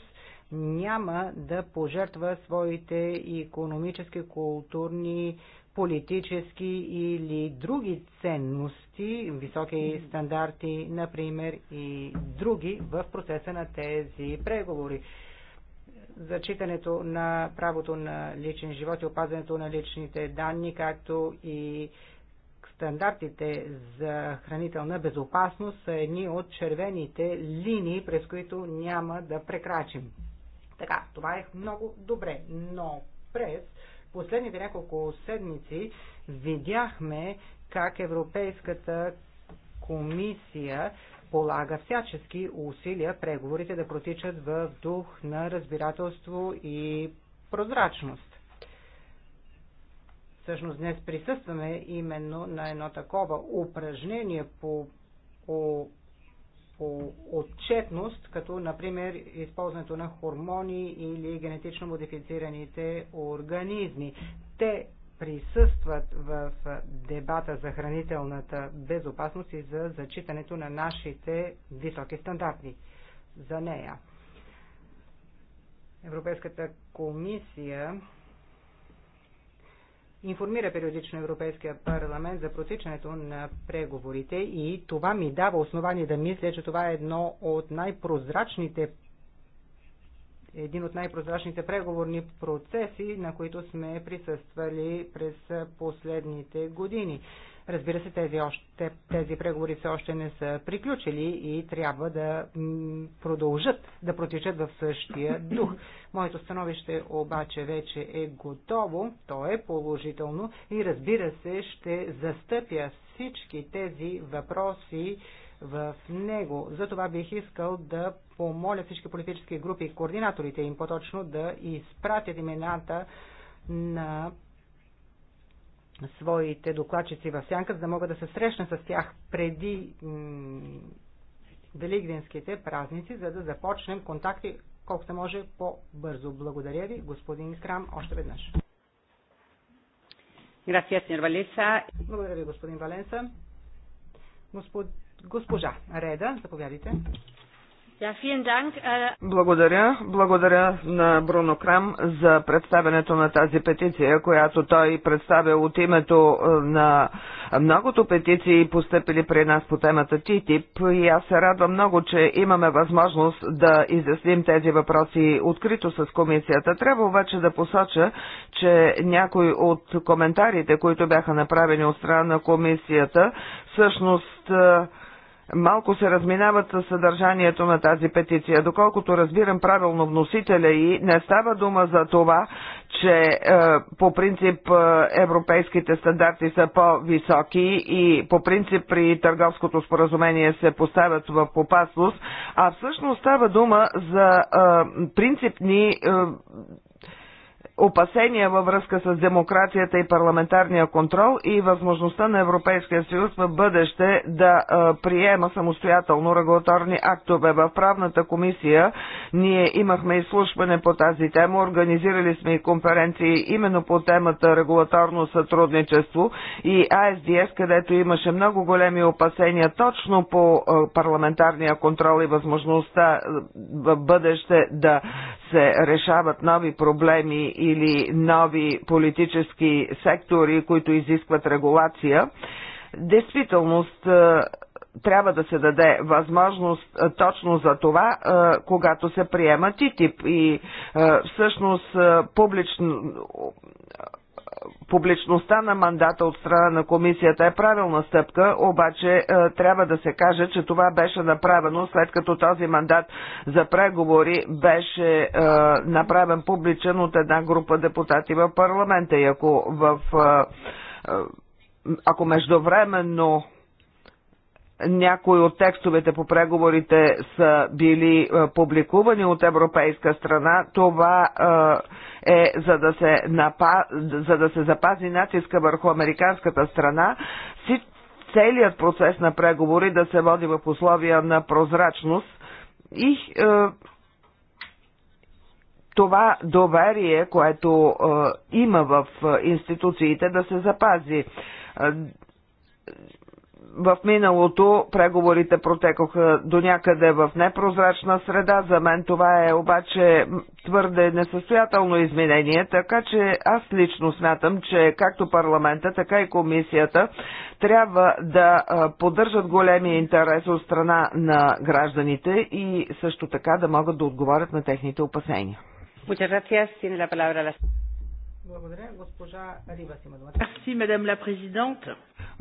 Speaker 2: няма да пожертва своите економически, културни, политически или други ценности, високи стандарти, например, и други в процеса на тези преговори зачитането на правото на личен живот и опазването на личните данни, както и стандартите за хранителна безопасност са едни от червените линии, през които няма да прекрачим. Така, това е много добре, но през последните няколко седмици видяхме как Европейската комисия полага всячески усилия преговорите да протичат в дух на разбирателство и прозрачност. Всъщност днес присъстваме именно на едно такова упражнение по, по, по отчетност, като например използването на хормони или генетично модифицираните организми. Те присъстват в дебата за хранителната безопасност и за зачитането на нашите високи стандарти за нея. Европейската комисия информира периодично Европейския парламент за протичането на преговорите и това ми дава основание да мисля, че това е едно от най-прозрачните един от най-прозрачните преговорни процеси, на които сме присъствали през последните години. Разбира се, тези, още, тези преговори все още не са приключили и трябва да продължат да протичат в същия дух. Моето становище обаче вече е готово, то е положително и разбира се ще застъпя всички тези въпроси, в него. За това бих искал да помоля всички политически групи, координаторите им по-точно, да изпратят имената на своите докладчици в сянка, за да мога да се срещна с тях преди великденските празници, за да започнем контакти колкото може по-бързо. Благодаря ви, господин Крам, още веднъж. Благодаря ви, господин Валенса. Господин Госпожа Реда, заповядайте.
Speaker 1: Е,
Speaker 4: Благодаря. Благодаря на Бруно Крам за представенето на тази петиция, която той представя от името е, на многото петиции, постъпили при нас по темата ТИТИП. И аз се радвам много, че имаме възможност да изясним тези въпроси открито с комисията. Трябва обаче да посоча, че някои от коментарите, които бяха направени от страна на комисията, всъщност е, малко се разминават със съдържанието на тази петиция. Доколкото разбирам правилно вносителя и не става дума за това, че е, по принцип е, европейските стандарти са по-високи и по принцип при търговското споразумение се поставят в опасност, а всъщност става дума за е, принципни е, опасения във връзка с демокрацията и парламентарния контрол и възможността на Европейския съюз в бъдеще да приема самостоятелно регулаторни актове. В правната комисия ние имахме изслушване по тази тема, организирали сме и конференции именно по темата регулаторно сътрудничество и АСДС, където имаше много големи опасения точно по парламентарния контрол и възможността в бъдеще да се решават нови проблеми и или нови политически сектори, които изискват регулация, действителност е, трябва да се даде възможност е, точно за това, е, когато се приема ТИТИП и всъщност публично публичността на мандата от страна на комисията е правилна стъпка, обаче е, трябва да се каже, че това беше направено след като този мандат за преговори беше е, направен публичен от една група депутати в парламента. И ако в е, ако междувременно някои от текстовете по преговорите са били е, публикувани от европейска страна. Това е, е за да се, напа... за да се запази натиска върху американската страна. Целият процес на преговори да се води в условия на прозрачност и е, това доверие, което е, има в е, институциите, да се запази в миналото преговорите протекоха до някъде в непрозрачна среда. За мен това е обаче твърде несъстоятелно изменение, така че аз лично смятам, че както парламента, така и комисията трябва да поддържат големи интерес от страна на гражданите и също така да могат да отговорят на техните опасения.
Speaker 2: Благодаря. Госпожа Рива си има
Speaker 4: думата.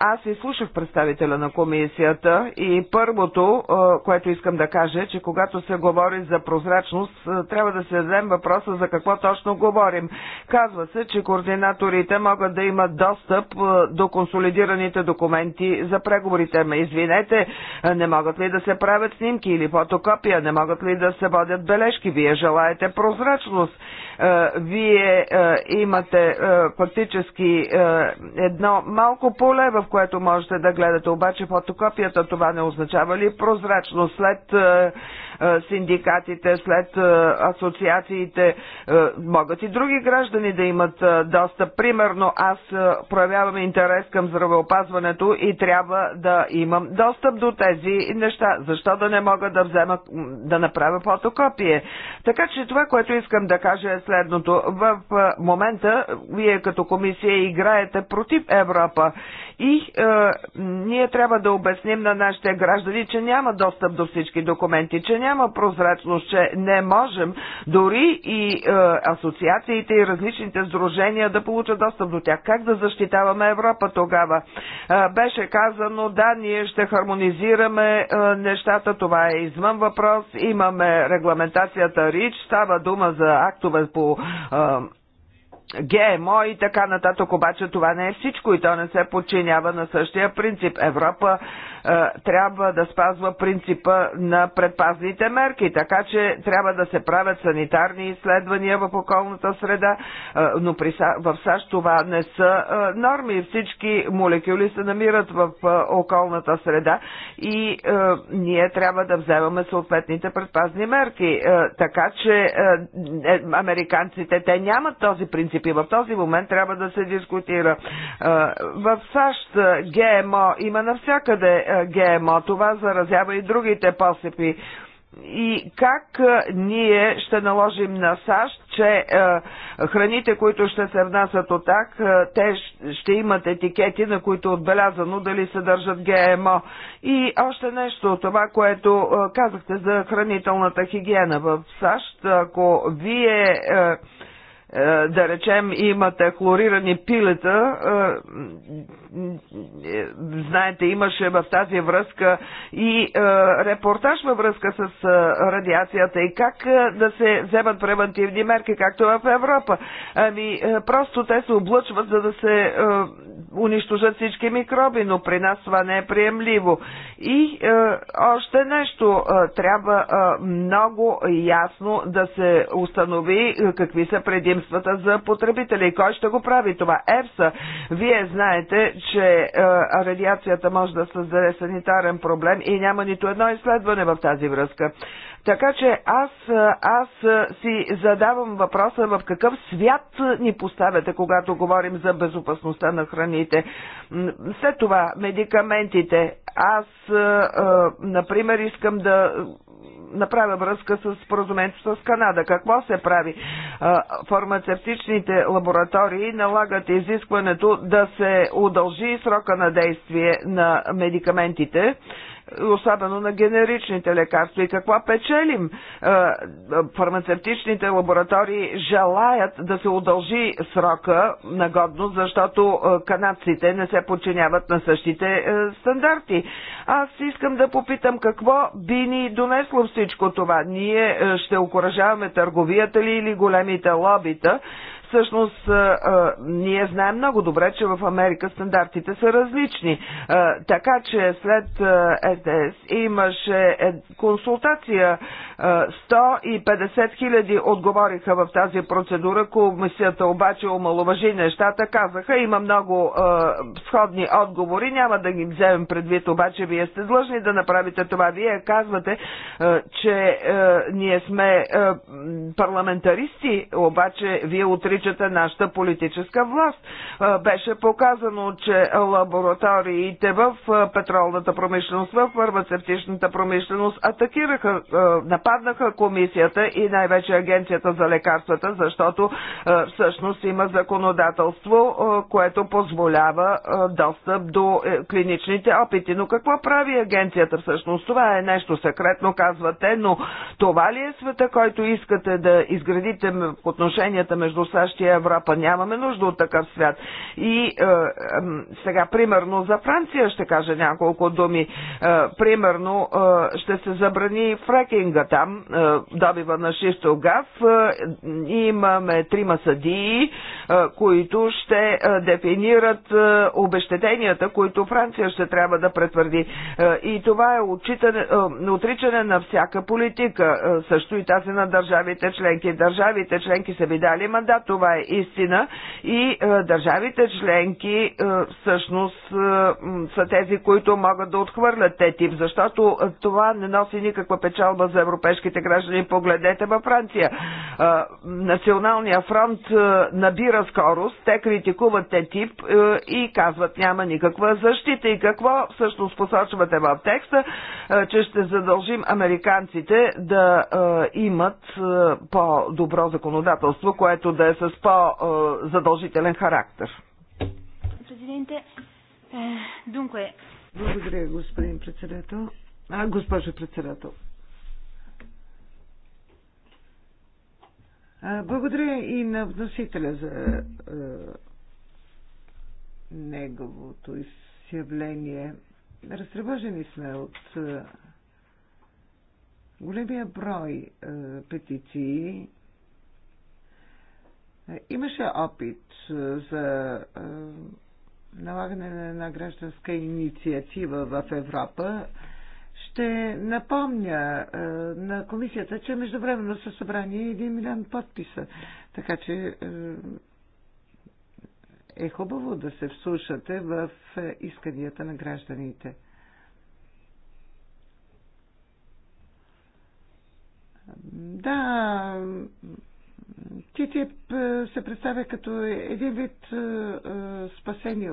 Speaker 4: Аз изслушах представителя на комисията и първото, което искам да кажа, е, че когато се говори за прозрачност, трябва да се зададем въпроса за какво точно говорим. Казва се, че координаторите могат да имат достъп до консолидираните документи за преговорите. Ме извинете, не могат ли да се правят снимки или фотокопия, не могат ли да се водят бележки? Вие желаете прозрачност. Вие имате фактически едно малко поле, в в което можете да гледате обаче фотокопията. Това не означава ли прозрачно след е, синдикатите, след асоциациите. Могат и други граждани да имат достъп. Примерно аз проявявам интерес към здравеопазването и трябва да имам достъп до тези неща. Защо да не мога да взема, да направя фотокопие? Така че това, което искам да кажа е следното. В момента вие като комисия играете против Европа и е, ние трябва да обясним на нашите граждани, че няма достъп до всички документи, че няма прозрачност, че не можем дори и е, асоциациите и различните сдружения да получат достъп до тях. Как да защитаваме Европа тогава? Е, беше казано, да, ние ще хармонизираме е, нещата, това е извън въпрос, имаме регламентацията РИЧ, става дума за актове по е, ГМО и така нататък, обаче това не е всичко и то не се подчинява на същия принцип. Европа е, трябва да спазва принципа на предпазните мерки, така че трябва да се правят санитарни изследвания в околната среда, е, но при, в САЩ това не са е, норми. Всички молекули се намират в околната среда и ние трябва да вземаме съответните предпазни мерки. Така че американците, те нямат този принцип и в този момент трябва да се дискутира. В САЩ ГМО има навсякъде ГМО. Това заразява и другите посепи. И как ние ще наложим на САЩ, че храните, които ще се внасят от так, те ще имат етикети, на които е отбелязано дали съдържат ГМО. И още нещо, това, което казахте за хранителната хигиена в САЩ, ако вие е, да речем, имате хлорирани пилета. Е, е, знаете, имаше в тази връзка и репортаж във връзка с радиацията и как да се вземат превентивни мерки, както в Европа. Ами, просто те се облъчват, за да се унищожат всички микроби, но при нас това не е приемливо. И още нещо, трябва много ясно да се установи какви са предимствата предимствата за потребителя и кой ще го прави това? ЕФСА. Вие знаете, че е, радиацията може да създаде санитарен проблем и няма нито едно изследване в тази връзка. Така че аз, е, аз е, си задавам въпроса в какъв свят ни поставяте, когато говорим за безопасността на храните. След това медикаментите. Аз, например, искам да направя връзка с споразумението с Канада. Какво се прави? фармацевтичните лаборатории налагат изискването да се удължи срока на действие на медикаментите особено на генеричните лекарства. И какво печелим? Е, фармацевтичните лаборатории желаят да се удължи срока на годност, защото е, канадците не се подчиняват на същите е, стандарти. Аз искам да попитам какво би ни донесло всичко това. Ние ще окоръжаваме търговията ли или големите лобита, Всъщност, ние знаем много добре, че в Америка стандартите са различни. Така че след СДС имаше е, консултация. 150 хиляди отговориха в тази процедура. Комисията обаче омалуважи нещата. Казаха, има много сходни отговори. Няма да ги вземем предвид, обаче вие сте длъжни да направите това. Вие казвате, че ние сме парламентаристи, обаче вие отричате отчита нашата политическа власт. Беше показано, че лабораториите в петролната промишленост, в фармацевтичната промишленост атакираха, нападнаха комисията и най-вече агенцията за лекарствата, защото всъщност има законодателство, което позволява достъп до е, клиничните опити. Но какво прави агенцията всъщност? Това е нещо секретно, казвате, но това ли е света, който искате да изградите в отношенията между САЩ настоящия Европа. Нямаме нужда от такъв свят. И е, е, сега, примерно, за Франция ще кажа няколко думи. Е, примерно, е, ще се забрани фрекинга там, е, добива на шистов газ. Е, имаме трима съдии, е, които ще е, дефинират е, обещетенията, които Франция ще трябва да претвърди. Е, и това е отчитане, е, отричане на всяка политика, е, също и тази на държавите членки. Държавите членки са ви дали мандат, това е истина и е, държавите членки е, всъщност е, са тези, които могат да отхвърлят те тип, защото това не носи никаква печалба за европейските граждани. Погледнете във Франция. Е, Националния фронт е, набира скорост, те критикуват те тип е, и казват няма никаква защита. И какво всъщност посочвате в текста, е, че ще задължим американците да е, имат е, по-добро законодателство, което да е с по-задължителен характер.
Speaker 1: Президенте, е, е.
Speaker 4: Благодаря, господин председател. А, госпожо
Speaker 3: председател. Благодаря и на вносителя за е, неговото изявление. Разтревожени сме от е, големия брой е, петиции, Имаше опит за налагане на една гражданска инициатива в Европа. Ще напомня на комисията, че междувременно са събрани 1 милион подписа. Така че е хубаво да се вслушате в исканията на гражданите. Да, ТТИП е, се представя като един вид е, е, спасение,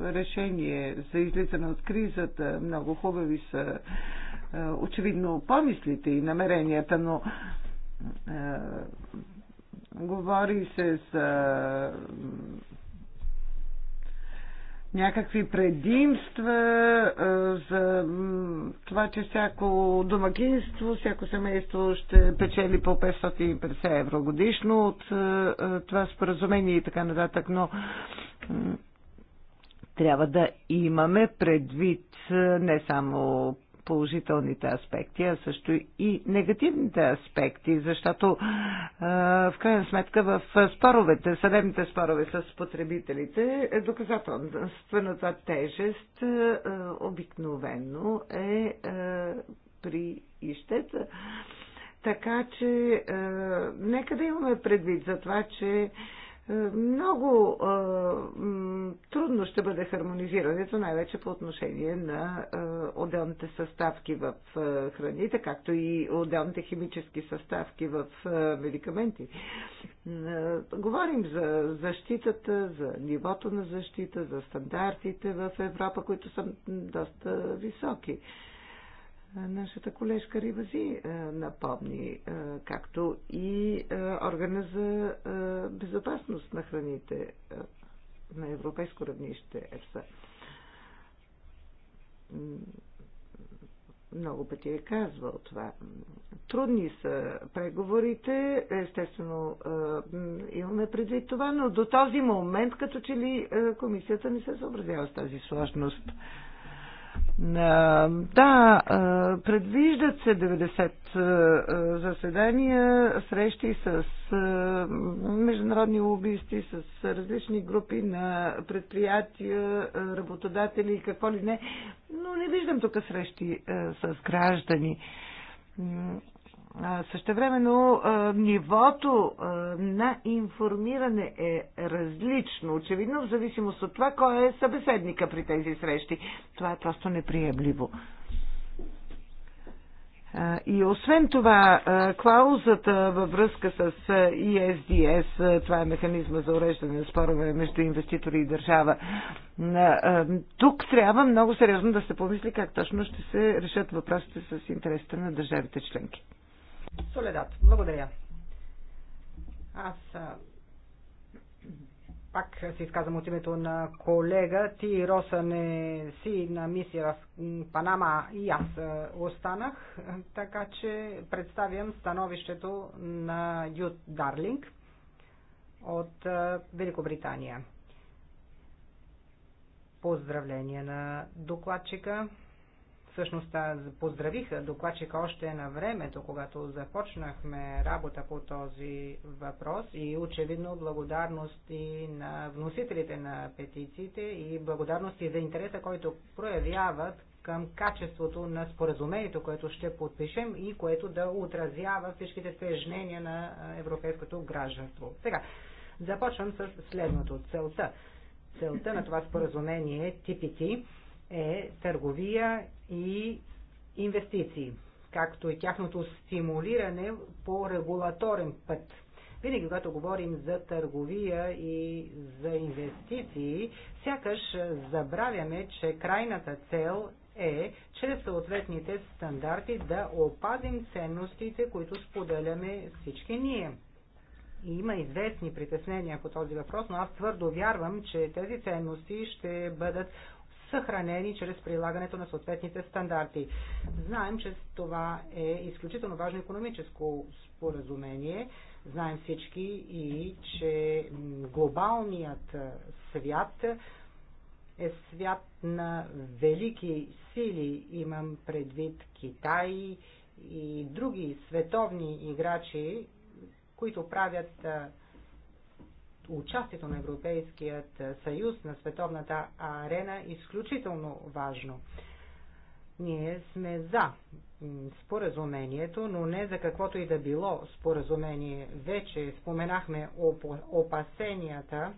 Speaker 3: решение за излизане от кризата. Много хубави са очевидно помислите и намеренията, но говори се за някакви предимства за това, че всяко домакинство, всяко семейство ще печели по 550 евро годишно от това споразумение и така нататък, но трябва да имаме предвид не само положителните аспекти, а също и негативните аспекти, защото в крайна сметка в споровете, съдебните спорове с потребителите, е доказателствената тежест обикновено е при ищеца. Така че, нека да имаме предвид за това, че много трудно ще бъде хармонизирането, най-вече по отношение на отделните съставки в храните, както и отделните химически съставки в медикаменти. Говорим за защитата, за нивото на защита, за стандартите в Европа, които са доста високи. Нашата колежка Рибази напомни, както и органа за безопасност на храните на европейско равнище ЕФСА. Много пъти е казвал това. Трудни са преговорите, естествено имаме предвид това, но до този момент като че ли комисията не се съобразява с тази сложност. Да, предвиждат се 90 заседания, срещи с международни лобисти, с различни групи на предприятия, работодатели и какво ли не, но не виждам тук срещи с граждани. Същевременно нивото на информиране е различно, очевидно в зависимост от това кой е събеседника при тези срещи. Това е просто неприемливо. И освен това, клаузата във връзка с ESDS, това е механизма за уреждане на спорове между инвеститори и държава, тук трябва много сериозно да се помисли как точно ще се решат въпросите с интересите на държавите членки.
Speaker 2: Соледат, благодаря. Аз пак се изказвам от името на колега. Ти, Роса, не си на мисия в Панама и аз останах, така че представям становището на Ют Дарлинг от Великобритания. Поздравление на докладчика всъщност поздравиха докладчика още на времето, когато започнахме работа по този въпрос и очевидно благодарности на вносителите на петициите и благодарности за интереса, който проявяват към качеството на споразумението, което ще подпишем и което да отразява всичките стежнения на европейското гражданство. Сега, започвам с следното. Целта. Целта на това споразумение е TPT е търговия и инвестиции, както и тяхното стимулиране по регулаторен път. Винаги, когато говорим за търговия и за инвестиции, сякаш забравяме, че крайната цел е чрез съответните стандарти да опазим ценностите, които споделяме всички ние. И има известни притеснения по този въпрос, но аз твърдо вярвам, че тези ценности ще бъдат съхранени чрез прилагането на съответните стандарти. Знаем, че това е изключително важно економическо споразумение. Знаем всички и, че глобалният свят е свят на велики сили. Имам предвид Китай и други световни играчи, които правят участието на Европейският съюз на световната арена е изключително важно. Ние сме за споразумението, но не за каквото и да било споразумение. Вече споменахме опасенията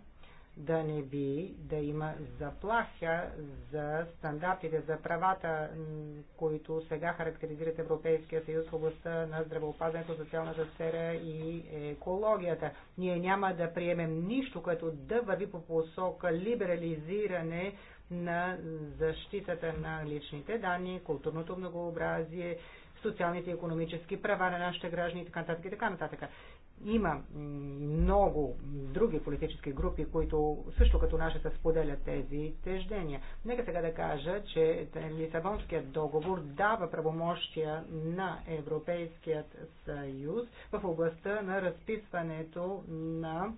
Speaker 2: да не би да има заплаха за стандартите, за правата, които сега характеризират Европейския съюз в областта на здравеопазването, социалната сфера и екологията. Ние няма да приемем нищо, което да върви по посока либерализиране на защитата на личните данни, културното многообразие, социалните и економически права на нашите граждани и така нататък и така нататък. Има много други политически групи, които също като се споделят тези теждения. Нека сега да кажа, че Лисабонският договор дава правомощия на Европейският съюз в областта на разписването на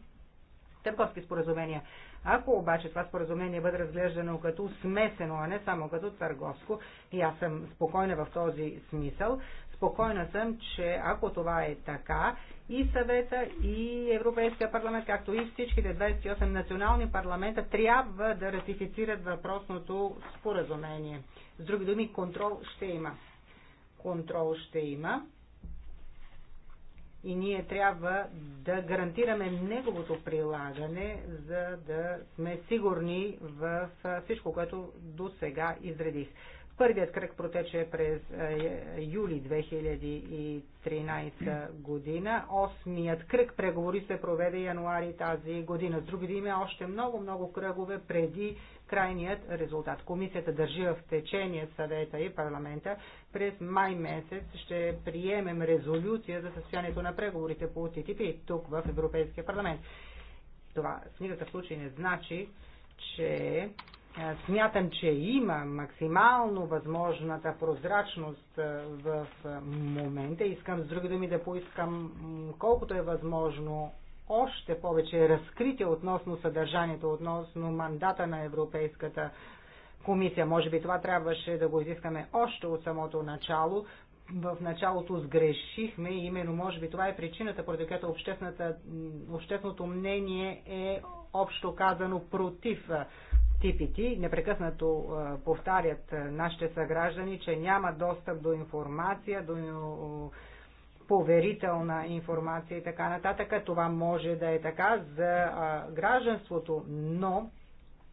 Speaker 2: търговски споразумения. Ако обаче това споразумение бъде разглеждано като смесено, а не само като търговско, и аз съм спокойна в този смисъл, спокойна съм, че ако това е така, и съвета, и Европейския парламент, както и всичките 28 национални парламента трябва да ратифицират въпросното споразумение. С други думи, контрол ще има. Контрол ще има и ние трябва да гарантираме неговото прилагане, за да сме сигурни в всичко, което до сега изредих. Първият кръг протече през е, юли 2013 година. Осмият кръг преговори се проведе януари тази година. С други има още много-много кръгове преди крайният резултат. Комисията държи в течение съвета и парламента. През май месец ще приемем резолюция за състоянието на преговорите по ТТП тук в Европейския парламент. Това в никакъв случай не значи, че е, смятам, че има максимално възможната прозрачност е, в е, момента. Искам с други думи да поискам колкото е възможно още повече разкритие относно съдържанието, относно мандата на Европейската комисия. Може би това трябваше да го изискаме още от самото начало. В началото сгрешихме и именно може би това е причината, поради която общественото мнение е общо казано против ТПТ непрекъснато повтарят нашите съграждани, че няма достъп до информация, до поверителна информация и така нататък. Това може да е така за гражданството, но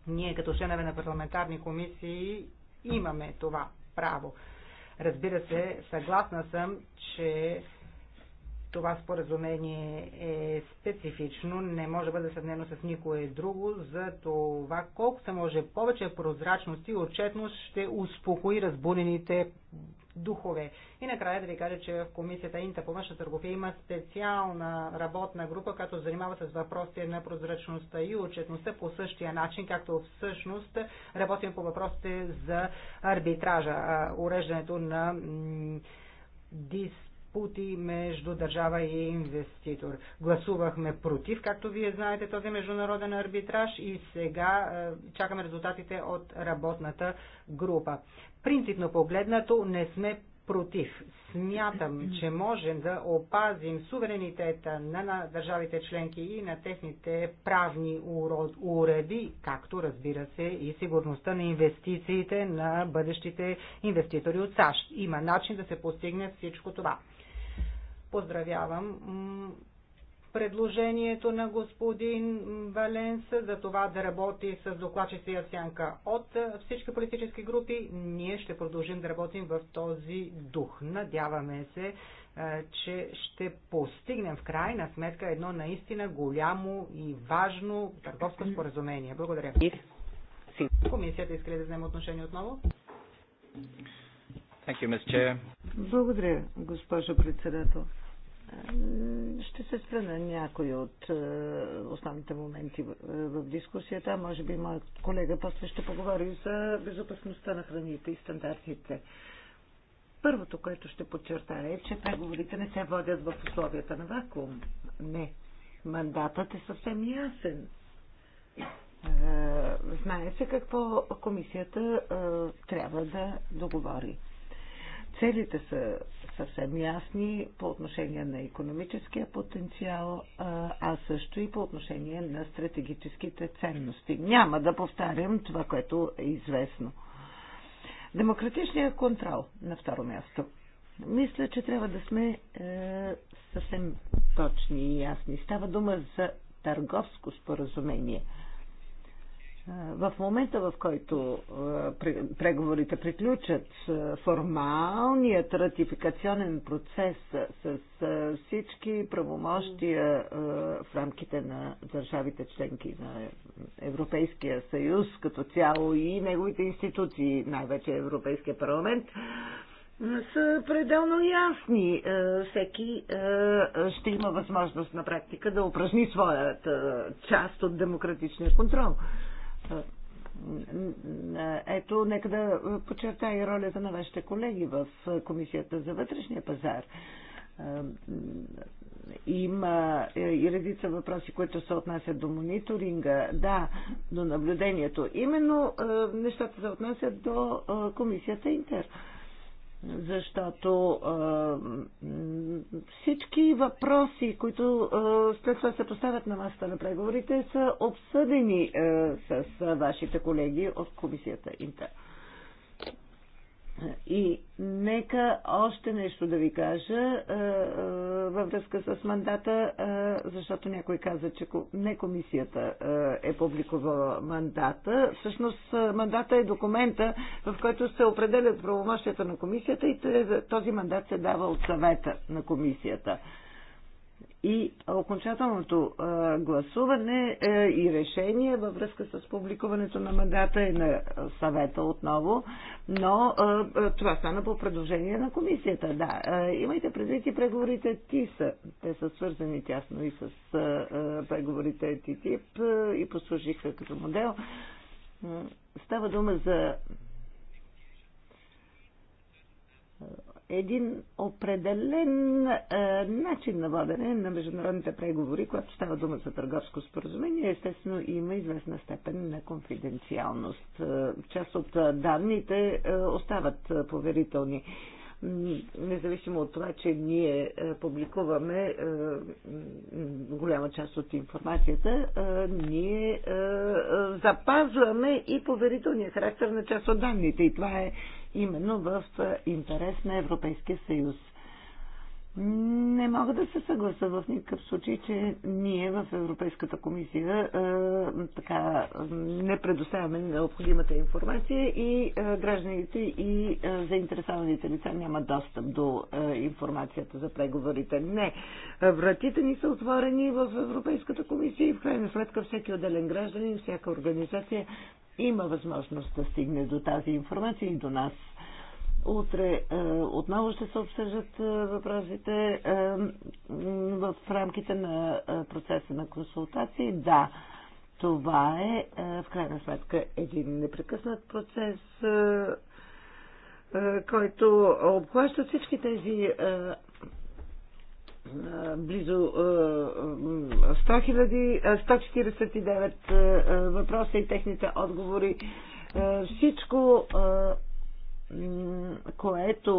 Speaker 2: ние като членове на парламентарни комисии имаме това право. Разбира се, съгласна съм, че това споразумение е специфично, не може да бъде съвнено с никое друго, за това колкото може повече прозрачност и отчетност ще успокои разбунените духове. И накрая да ви кажа, че в комисията Инта по външна търговия има специална работна група, която занимава с въпросите на прозрачността и отчетността по същия начин, както всъщност работим по въпросите за арбитража, уреждането на дис пути между държава и инвеститор. Гласувахме против, както вие знаете, този международен арбитраж и сега е, чакаме резултатите от работната група. Принципно погледнато не сме против. Смятам, че можем да опазим суверенитета на, на държавите членки и на техните правни уреди, както разбира се и сигурността на инвестициите на бъдещите инвеститори от САЩ. Има начин да се постигне всичко това. Поздравявам предложението на господин Валенс за това да работи с докладчици и сянка от всички политически групи. Ние ще продължим да работим в този дух. Надяваме се, е, че ще постигнем в крайна сметка едно наистина голямо и важно търговско споразумение. Благодаря. Комисията иска
Speaker 3: да вземе отношение отново?
Speaker 1: Thank you,
Speaker 3: Благодаря, госпожо председател. Ще се спра на някои от е, основните моменти е, в дискусията. Може би моят колега после ще поговори за безопасността на храните и стандартите. Първото, което ще подчертая е, че преговорите не се водят в условията на вакуум. Не. Мандатът е съвсем ясен. Е, знае се какво комисията трябва да договори. Целите са съвсем ясни по отношение на економическия потенциал, а също и по отношение на стратегическите ценности. Няма да повтарям това, което е известно. Демократичният контрол на второ място. Мисля, че трябва да сме е, съвсем точни и ясни. Става дума за търговско споразумение – в момента, в който преговорите приключат, формалният ратификационен процес с всички правомощия в рамките на държавите членки на Европейския съюз като цяло и неговите институции, най-вече Европейския парламент, са пределно ясни. Всеки ще има възможност на практика да упражни своята част от демократичния контрол. Ето, нека да подчертая ролята на вашите колеги в Комисията за вътрешния пазар. Има и редица въпроси, които се отнасят до мониторинга, да, до наблюдението. Именно нещата се отнасят до Комисията Интер защото а, всички въпроси, които а, след това се поставят на масата на преговорите, са обсъдени а, с вашите колеги от комисията Интер. И нека още нещо да ви кажа във връзка с мандата, защото някой каза, че не комисията е публикувала мандата. Всъщност мандата е документа, в който се определят правомощията на комисията и този мандат се дава от съвета на комисията и окончателното гласуване е, и решение във връзка с публикуването на мандата и на съвета отново, но това стана по предложение на комисията. Да, имайте предвид и преговорите ТИСА. Те са свързани тясно и с преговорите ТИТИП и послужиха като модел. Става дума за един определен е, начин на водене на международните преговори, когато става дума за търговско споразумение. Естествено, има известна степен на конфиденциалност. Е, част от е, данните е, остават е, поверителни. Независимо от това, че ние публикуваме е, голяма част от информацията, е, ние е, запазваме и поверителния характер на част от данните. И това е именно в интерес на Европейския съюз. Не мога да се съгласа в никакъв случай, че ние в Европейската комисия е, така, не предоставяме необходимата информация и е, гражданите и е, заинтересованите лица нямат достъп до е, информацията за преговорите. Не. Вратите ни са отворени в Европейската комисия и в крайна сметка всеки отделен гражданин, всяка организация има възможност да стигне до тази информация и до нас Утре е, отново ще се обсъждат е, въпросите е, в рамките на е, процеса на консултации. Да, това е, е в крайна сметка един непрекъснат процес, е, е, който обхваща всички тези. Е, е близо 100 е, е, хиляди, 149 въпроса и техните отговори. Всичко което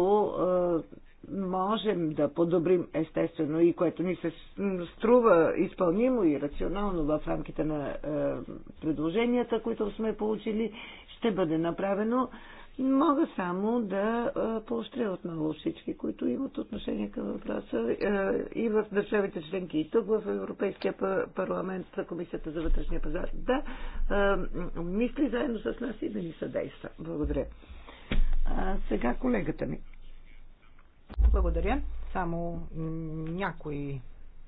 Speaker 3: е, можем да подобрим естествено и което ни се струва изпълнимо и рационално в рамките на е, предложенията, които сме получили, ще бъде направено. Мога само да е, поощря отново всички, които имат отношение към въпроса и в държавите членки, и тук в Европейския парламент, Комисията за вътрешния пазар, да мисли заедно с нас и да ни съдейства. Благодаря. А, сега колегата ми.
Speaker 2: Благодаря. Само някои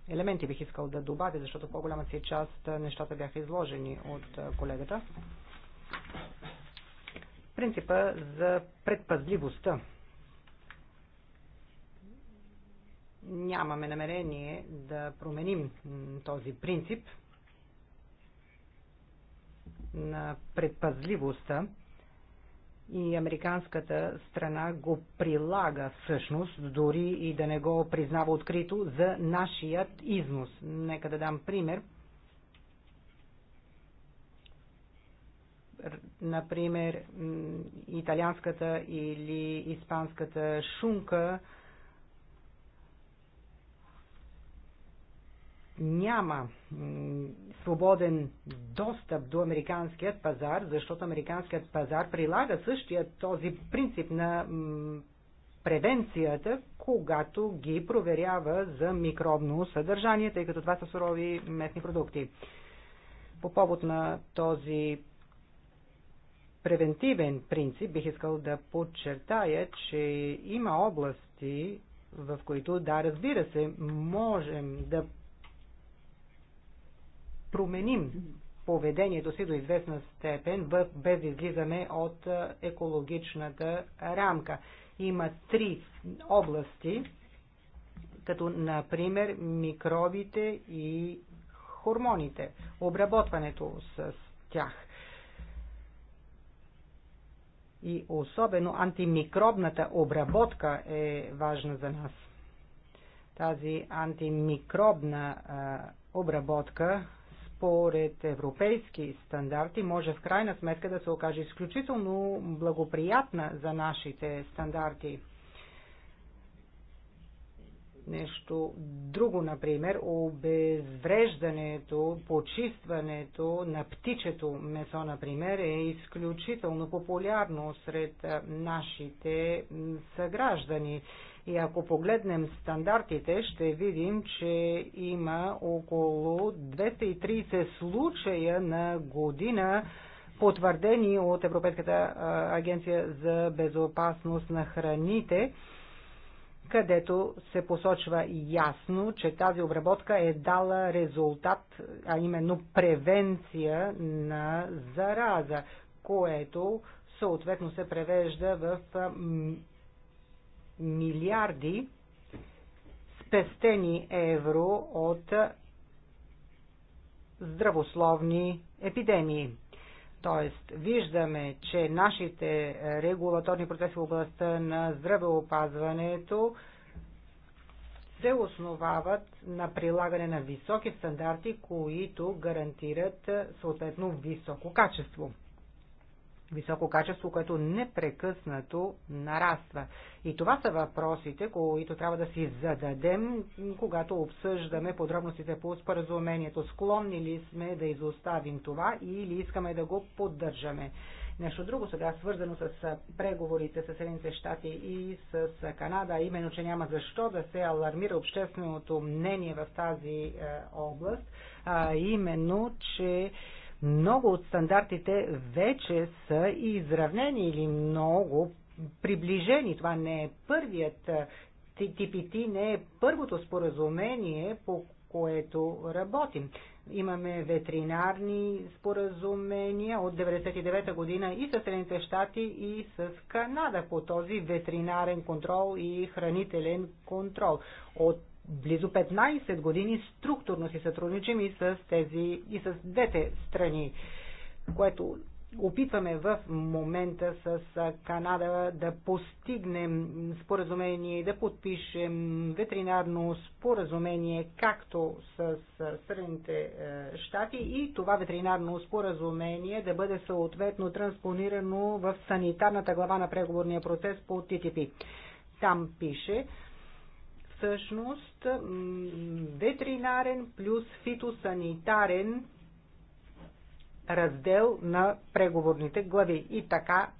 Speaker 2: елементи бих искал да добавя, защото в по-голяма си част нещата бяха изложени от колегата. Принципа за предпазливостта. Нямаме намерение да променим този принцип на предпазливостта и американската страна го прилага всъщност, дори и да не го признава открито, за нашият износ. Нека да дам пример. Например, италианската или испанската шунка няма свободен достъп до американският пазар, защото американският пазар прилага същия този принцип на превенцията, когато ги проверява за микробно съдържание, тъй като това са сурови местни продукти. По повод на този превентивен принцип бих искал да подчертая, че има области, в които, да, разбира се, можем да променим поведението си до известна степен, без излизаме от екологичната рамка. Има три области, като например микробите и хормоните, обработването с тях. И особено антимикробната обработка е важна за нас. Тази антимикробна а, обработка според европейски стандарти може в крайна сметка да се окаже изключително благоприятна за нашите стандарти. Нещо друго, например, обезвреждането, почистването на птичето месо, например, е изключително популярно сред нашите съграждани. И ако погледнем стандартите, ще видим, че има около 230 случая на година, потвърдени от Европейската агенция за безопасност на храните, където се посочва ясно, че тази обработка е дала резултат, а именно превенция на зараза, което съответно се превежда в милиарди спестени евро от здравословни епидемии. Тоест, виждаме, че нашите регулаторни процеси в областта на здравеопазването се основават на прилагане на високи стандарти, които гарантират съответно високо качество високо качество, което непрекъснато нараства. И това са въпросите, които трябва да си зададем, когато обсъждаме подробностите по споразумението. Склонни ли сме да изоставим това или искаме да го поддържаме? Нещо друго сега, свързано с преговорите с Съединените щати и с Канада, именно, че няма защо да се алармира общественото мнение в тази е, област, а именно, че много от стандартите вече са изравнени или много приближени. Това не е първият ТПТ, не е първото споразумение, по което работим. Имаме ветеринарни споразумения от 1999 година и с Съединените щати и с Канада по този ветеринарен контрол и хранителен контрол. От близо 15 години структурно си сътрудничим и с тези и с двете страни, което опитваме в момента с Канада да постигнем споразумение, да подпишем ветеринарно споразумение, както с Средните щати и това ветеринарно споразумение да бъде съответно транспонирано в санитарната глава на преговорния процес по ТТП. Там пише, всъщност ветеринарен плюс фитосанитарен раздел на преговорните глави. И така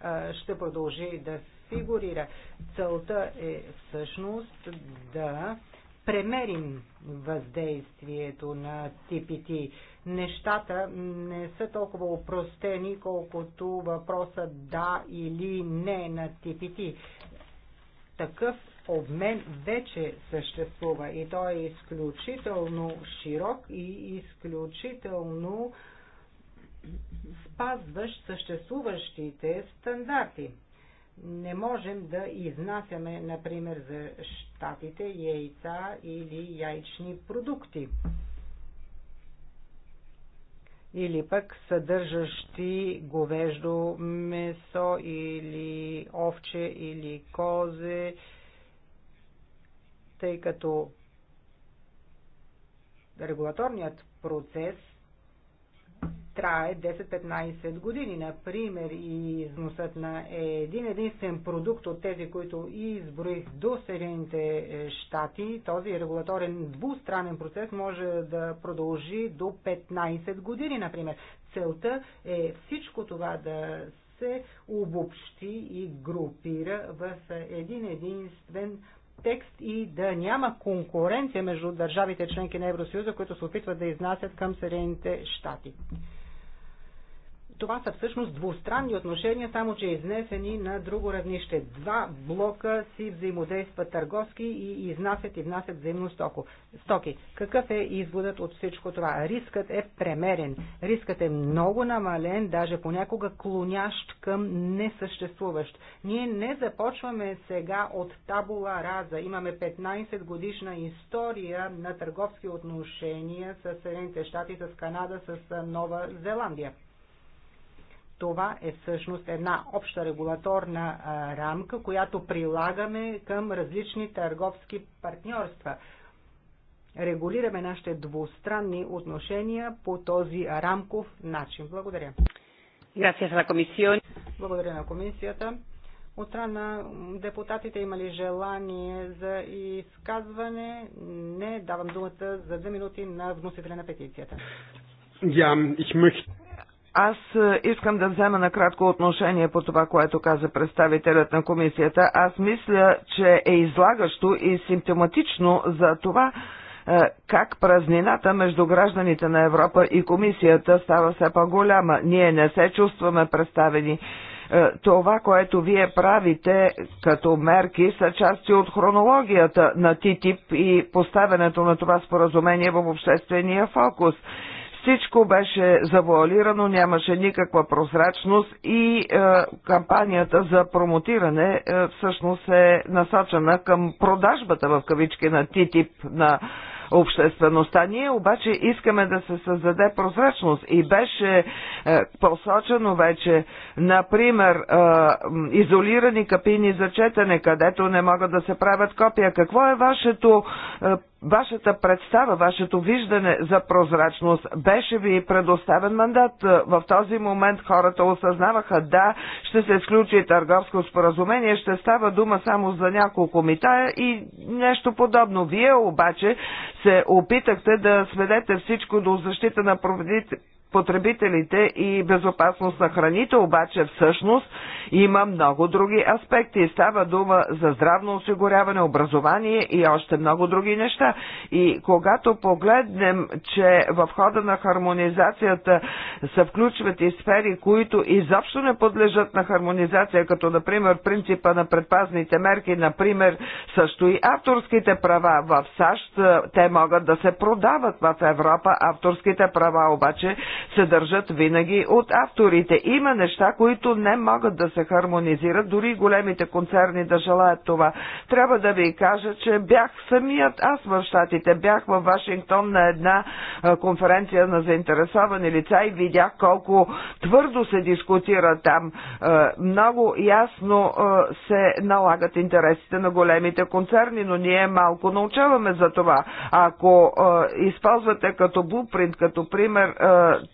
Speaker 2: ще продължи да фигурира. Целта е всъщност да премерим въздействието на ТПТ. Нещата не са толкова упростени, колкото въпроса да или не е на ТПТ. Такъв обмен вече съществува и той е изключително широк и изключително спазващ съществуващите стандарти. Не можем да изнасяме, например, за щатите яйца или яйчни продукти. Или пък съдържащи говеждо месо или овче или козе тъй като регулаторният процес трае 10-15 години. Например, и износът на един единствен продукт от тези, които изброих до Съединените щати, този регулаторен двустранен процес може да продължи до 15 години, например. Целта е всичко това да се обобщи и групира в един единствен текст и да няма конкуренция между държавите членки на Евросъюза, които се опитват да изнасят към Съединените щати това са всъщност двустранни отношения, само че изнесени на друго равнище. Два блока си взаимодействат търговски и изнасят и внасят взаимно стоки. Какъв е изводът от всичко това? Рискът е премерен. Рискът е много намален, даже понякога клонящ към несъществуващ. Ние не започваме сега от табула раза. Имаме 15 годишна история на търговски отношения с Съединените щати, с Канада, с Нова Зеландия това е всъщност една обща регулаторна а, рамка, която прилагаме към различни търговски партньорства. Регулираме нашите двустранни отношения по този рамков начин. Благодаря. Благодаря на комисията. От страна на депутатите има ли желание за изказване? Не. Давам думата за две минути на вносителя на петицията.
Speaker 4: Ja, ich möchte аз е, искам да взема на кратко отношение по това, което каза представителят на комисията. Аз мисля, че е излагащо и симптоматично за това, е, как празнината между гражданите на Европа и комисията става все по-голяма. Ние не се чувстваме представени. Е, това, което вие правите като мерки, са части от хронологията на ТИТИП и поставянето на това споразумение в обществения фокус. Всичко беше завуалирано, нямаше никаква прозрачност и е, кампанията за промотиране е, всъщност е насочена към продажбата в кавички на ТИТИП на обществеността. Ние обаче искаме да се създаде прозрачност и беше е, посочено вече, например, е, изолирани капини за четене, където не могат да се правят копия. Какво е вашето е, вашата представа, вашето виждане за прозрачност. Беше ви предоставен мандат. В този момент хората осъзнаваха, да, ще се включи търговско споразумение, ще става дума само за няколко митая и нещо подобно. Вие обаче се опитахте да сведете всичко до защита на потребителите и безопасност на храните, обаче всъщност има много други аспекти. Става дума за здравно осигуряване, образование и още много други неща. И когато погледнем, че в хода на хармонизацията се включват и сфери, които изобщо не подлежат на хармонизация, като например принципа на предпазните мерки, например също и авторските права в САЩ, те могат да се продават в Европа, авторските права обаче се държат винаги от авторите. Има неща, които не могат да се хармонизират, дори големите концерни да желаят това. Трябва да ви кажа, че бях самият аз в Штатите, бях в Вашингтон на една конференция на заинтересовани лица и видях колко твърдо се дискутира там. Много ясно се налагат интересите на големите концерни, но ние малко научаваме за това. Ако използвате като блупринт, като пример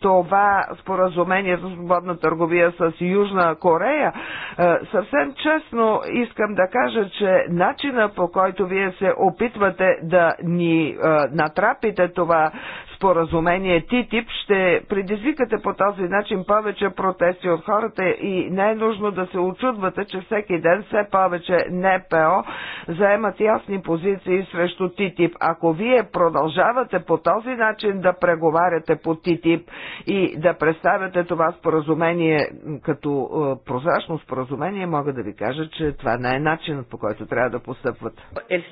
Speaker 4: това споразумение за свободна търговия с Южна Корея, е, съвсем честно искам да кажа, че начина по който вие се опитвате да ни е, натрапите това споразумение ТИТИП, ще предизвикате по този начин повече протести от хората и не е нужно да се очудвате, че всеки ден все повече НПО заемат ясни позиции срещу ТИТИП. Ако вие продължавате по този начин да преговаряте по ТИТИП и да представяте това споразумение като е, прозрачно споразумение, мога да ви кажа, че това не е начинът по който трябва да постъпват. Е,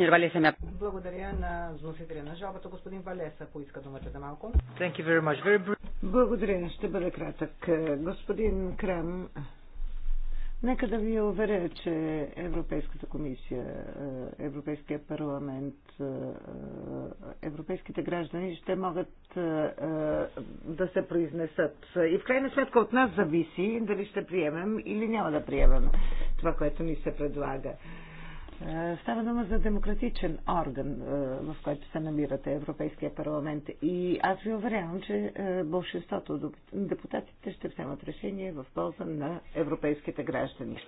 Speaker 2: Благодаря на вносителя на жалбата. Господин Валеса поиска думата за малко.
Speaker 4: Thank you very much. Very...
Speaker 3: Благодаря, ще бъда кратък. Господин Крам, Нека да ви уверя, че Европейската комисия, Европейския парламент, европейските граждани ще могат е, да се произнесат. И в крайна сметка от нас зависи дали ще приемем или няма да приемем това, което ни се предлага. Е, става дума за демократичен орган, е, в който се намирате Европейския парламент. И аз ви уверявам, че е, большинството от депутатите ще вземат решение в полза на европейските граждани.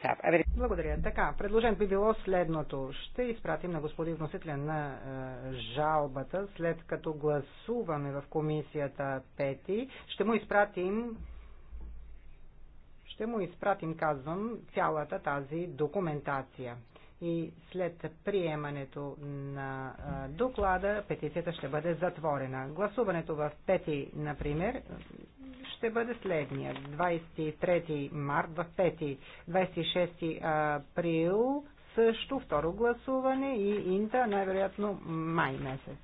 Speaker 2: Благодаря. Така, предложението би било следното. Ще изпратим на господин вносителя на жалбата, след като гласуваме в комисията Пети. Ще му изпратим ще му изпратим, казвам, цялата тази документация и след приемането на доклада петицията ще бъде затворена. Гласуването в пети, например, ще бъде следния. 23 март в пети, 26 април също второ гласуване и инта най-вероятно май месец.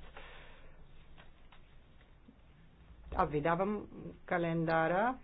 Speaker 2: Аз ви давам календара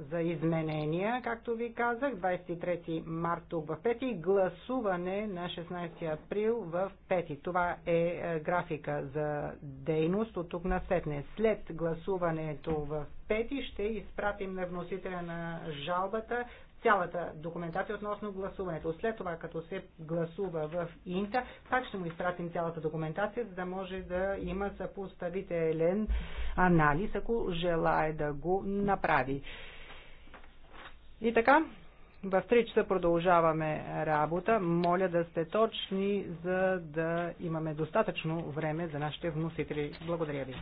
Speaker 2: за изменения, както ви казах, 23 март тук в 5 и гласуване на 16 април в 5. Това е, е графика за дейност от тук на сетне. След гласуването в 5 ще изпратим на вносителя на жалбата цялата документация относно гласуването. След това, като се гласува в Инта, пак ще му изпратим цялата документация, за да може да има съпоставителен анализ, ако желая да го направи. И така, в 3 часа продължаваме работа. Моля да сте точни, за да имаме достатъчно време за нашите вносители. Благодаря ви.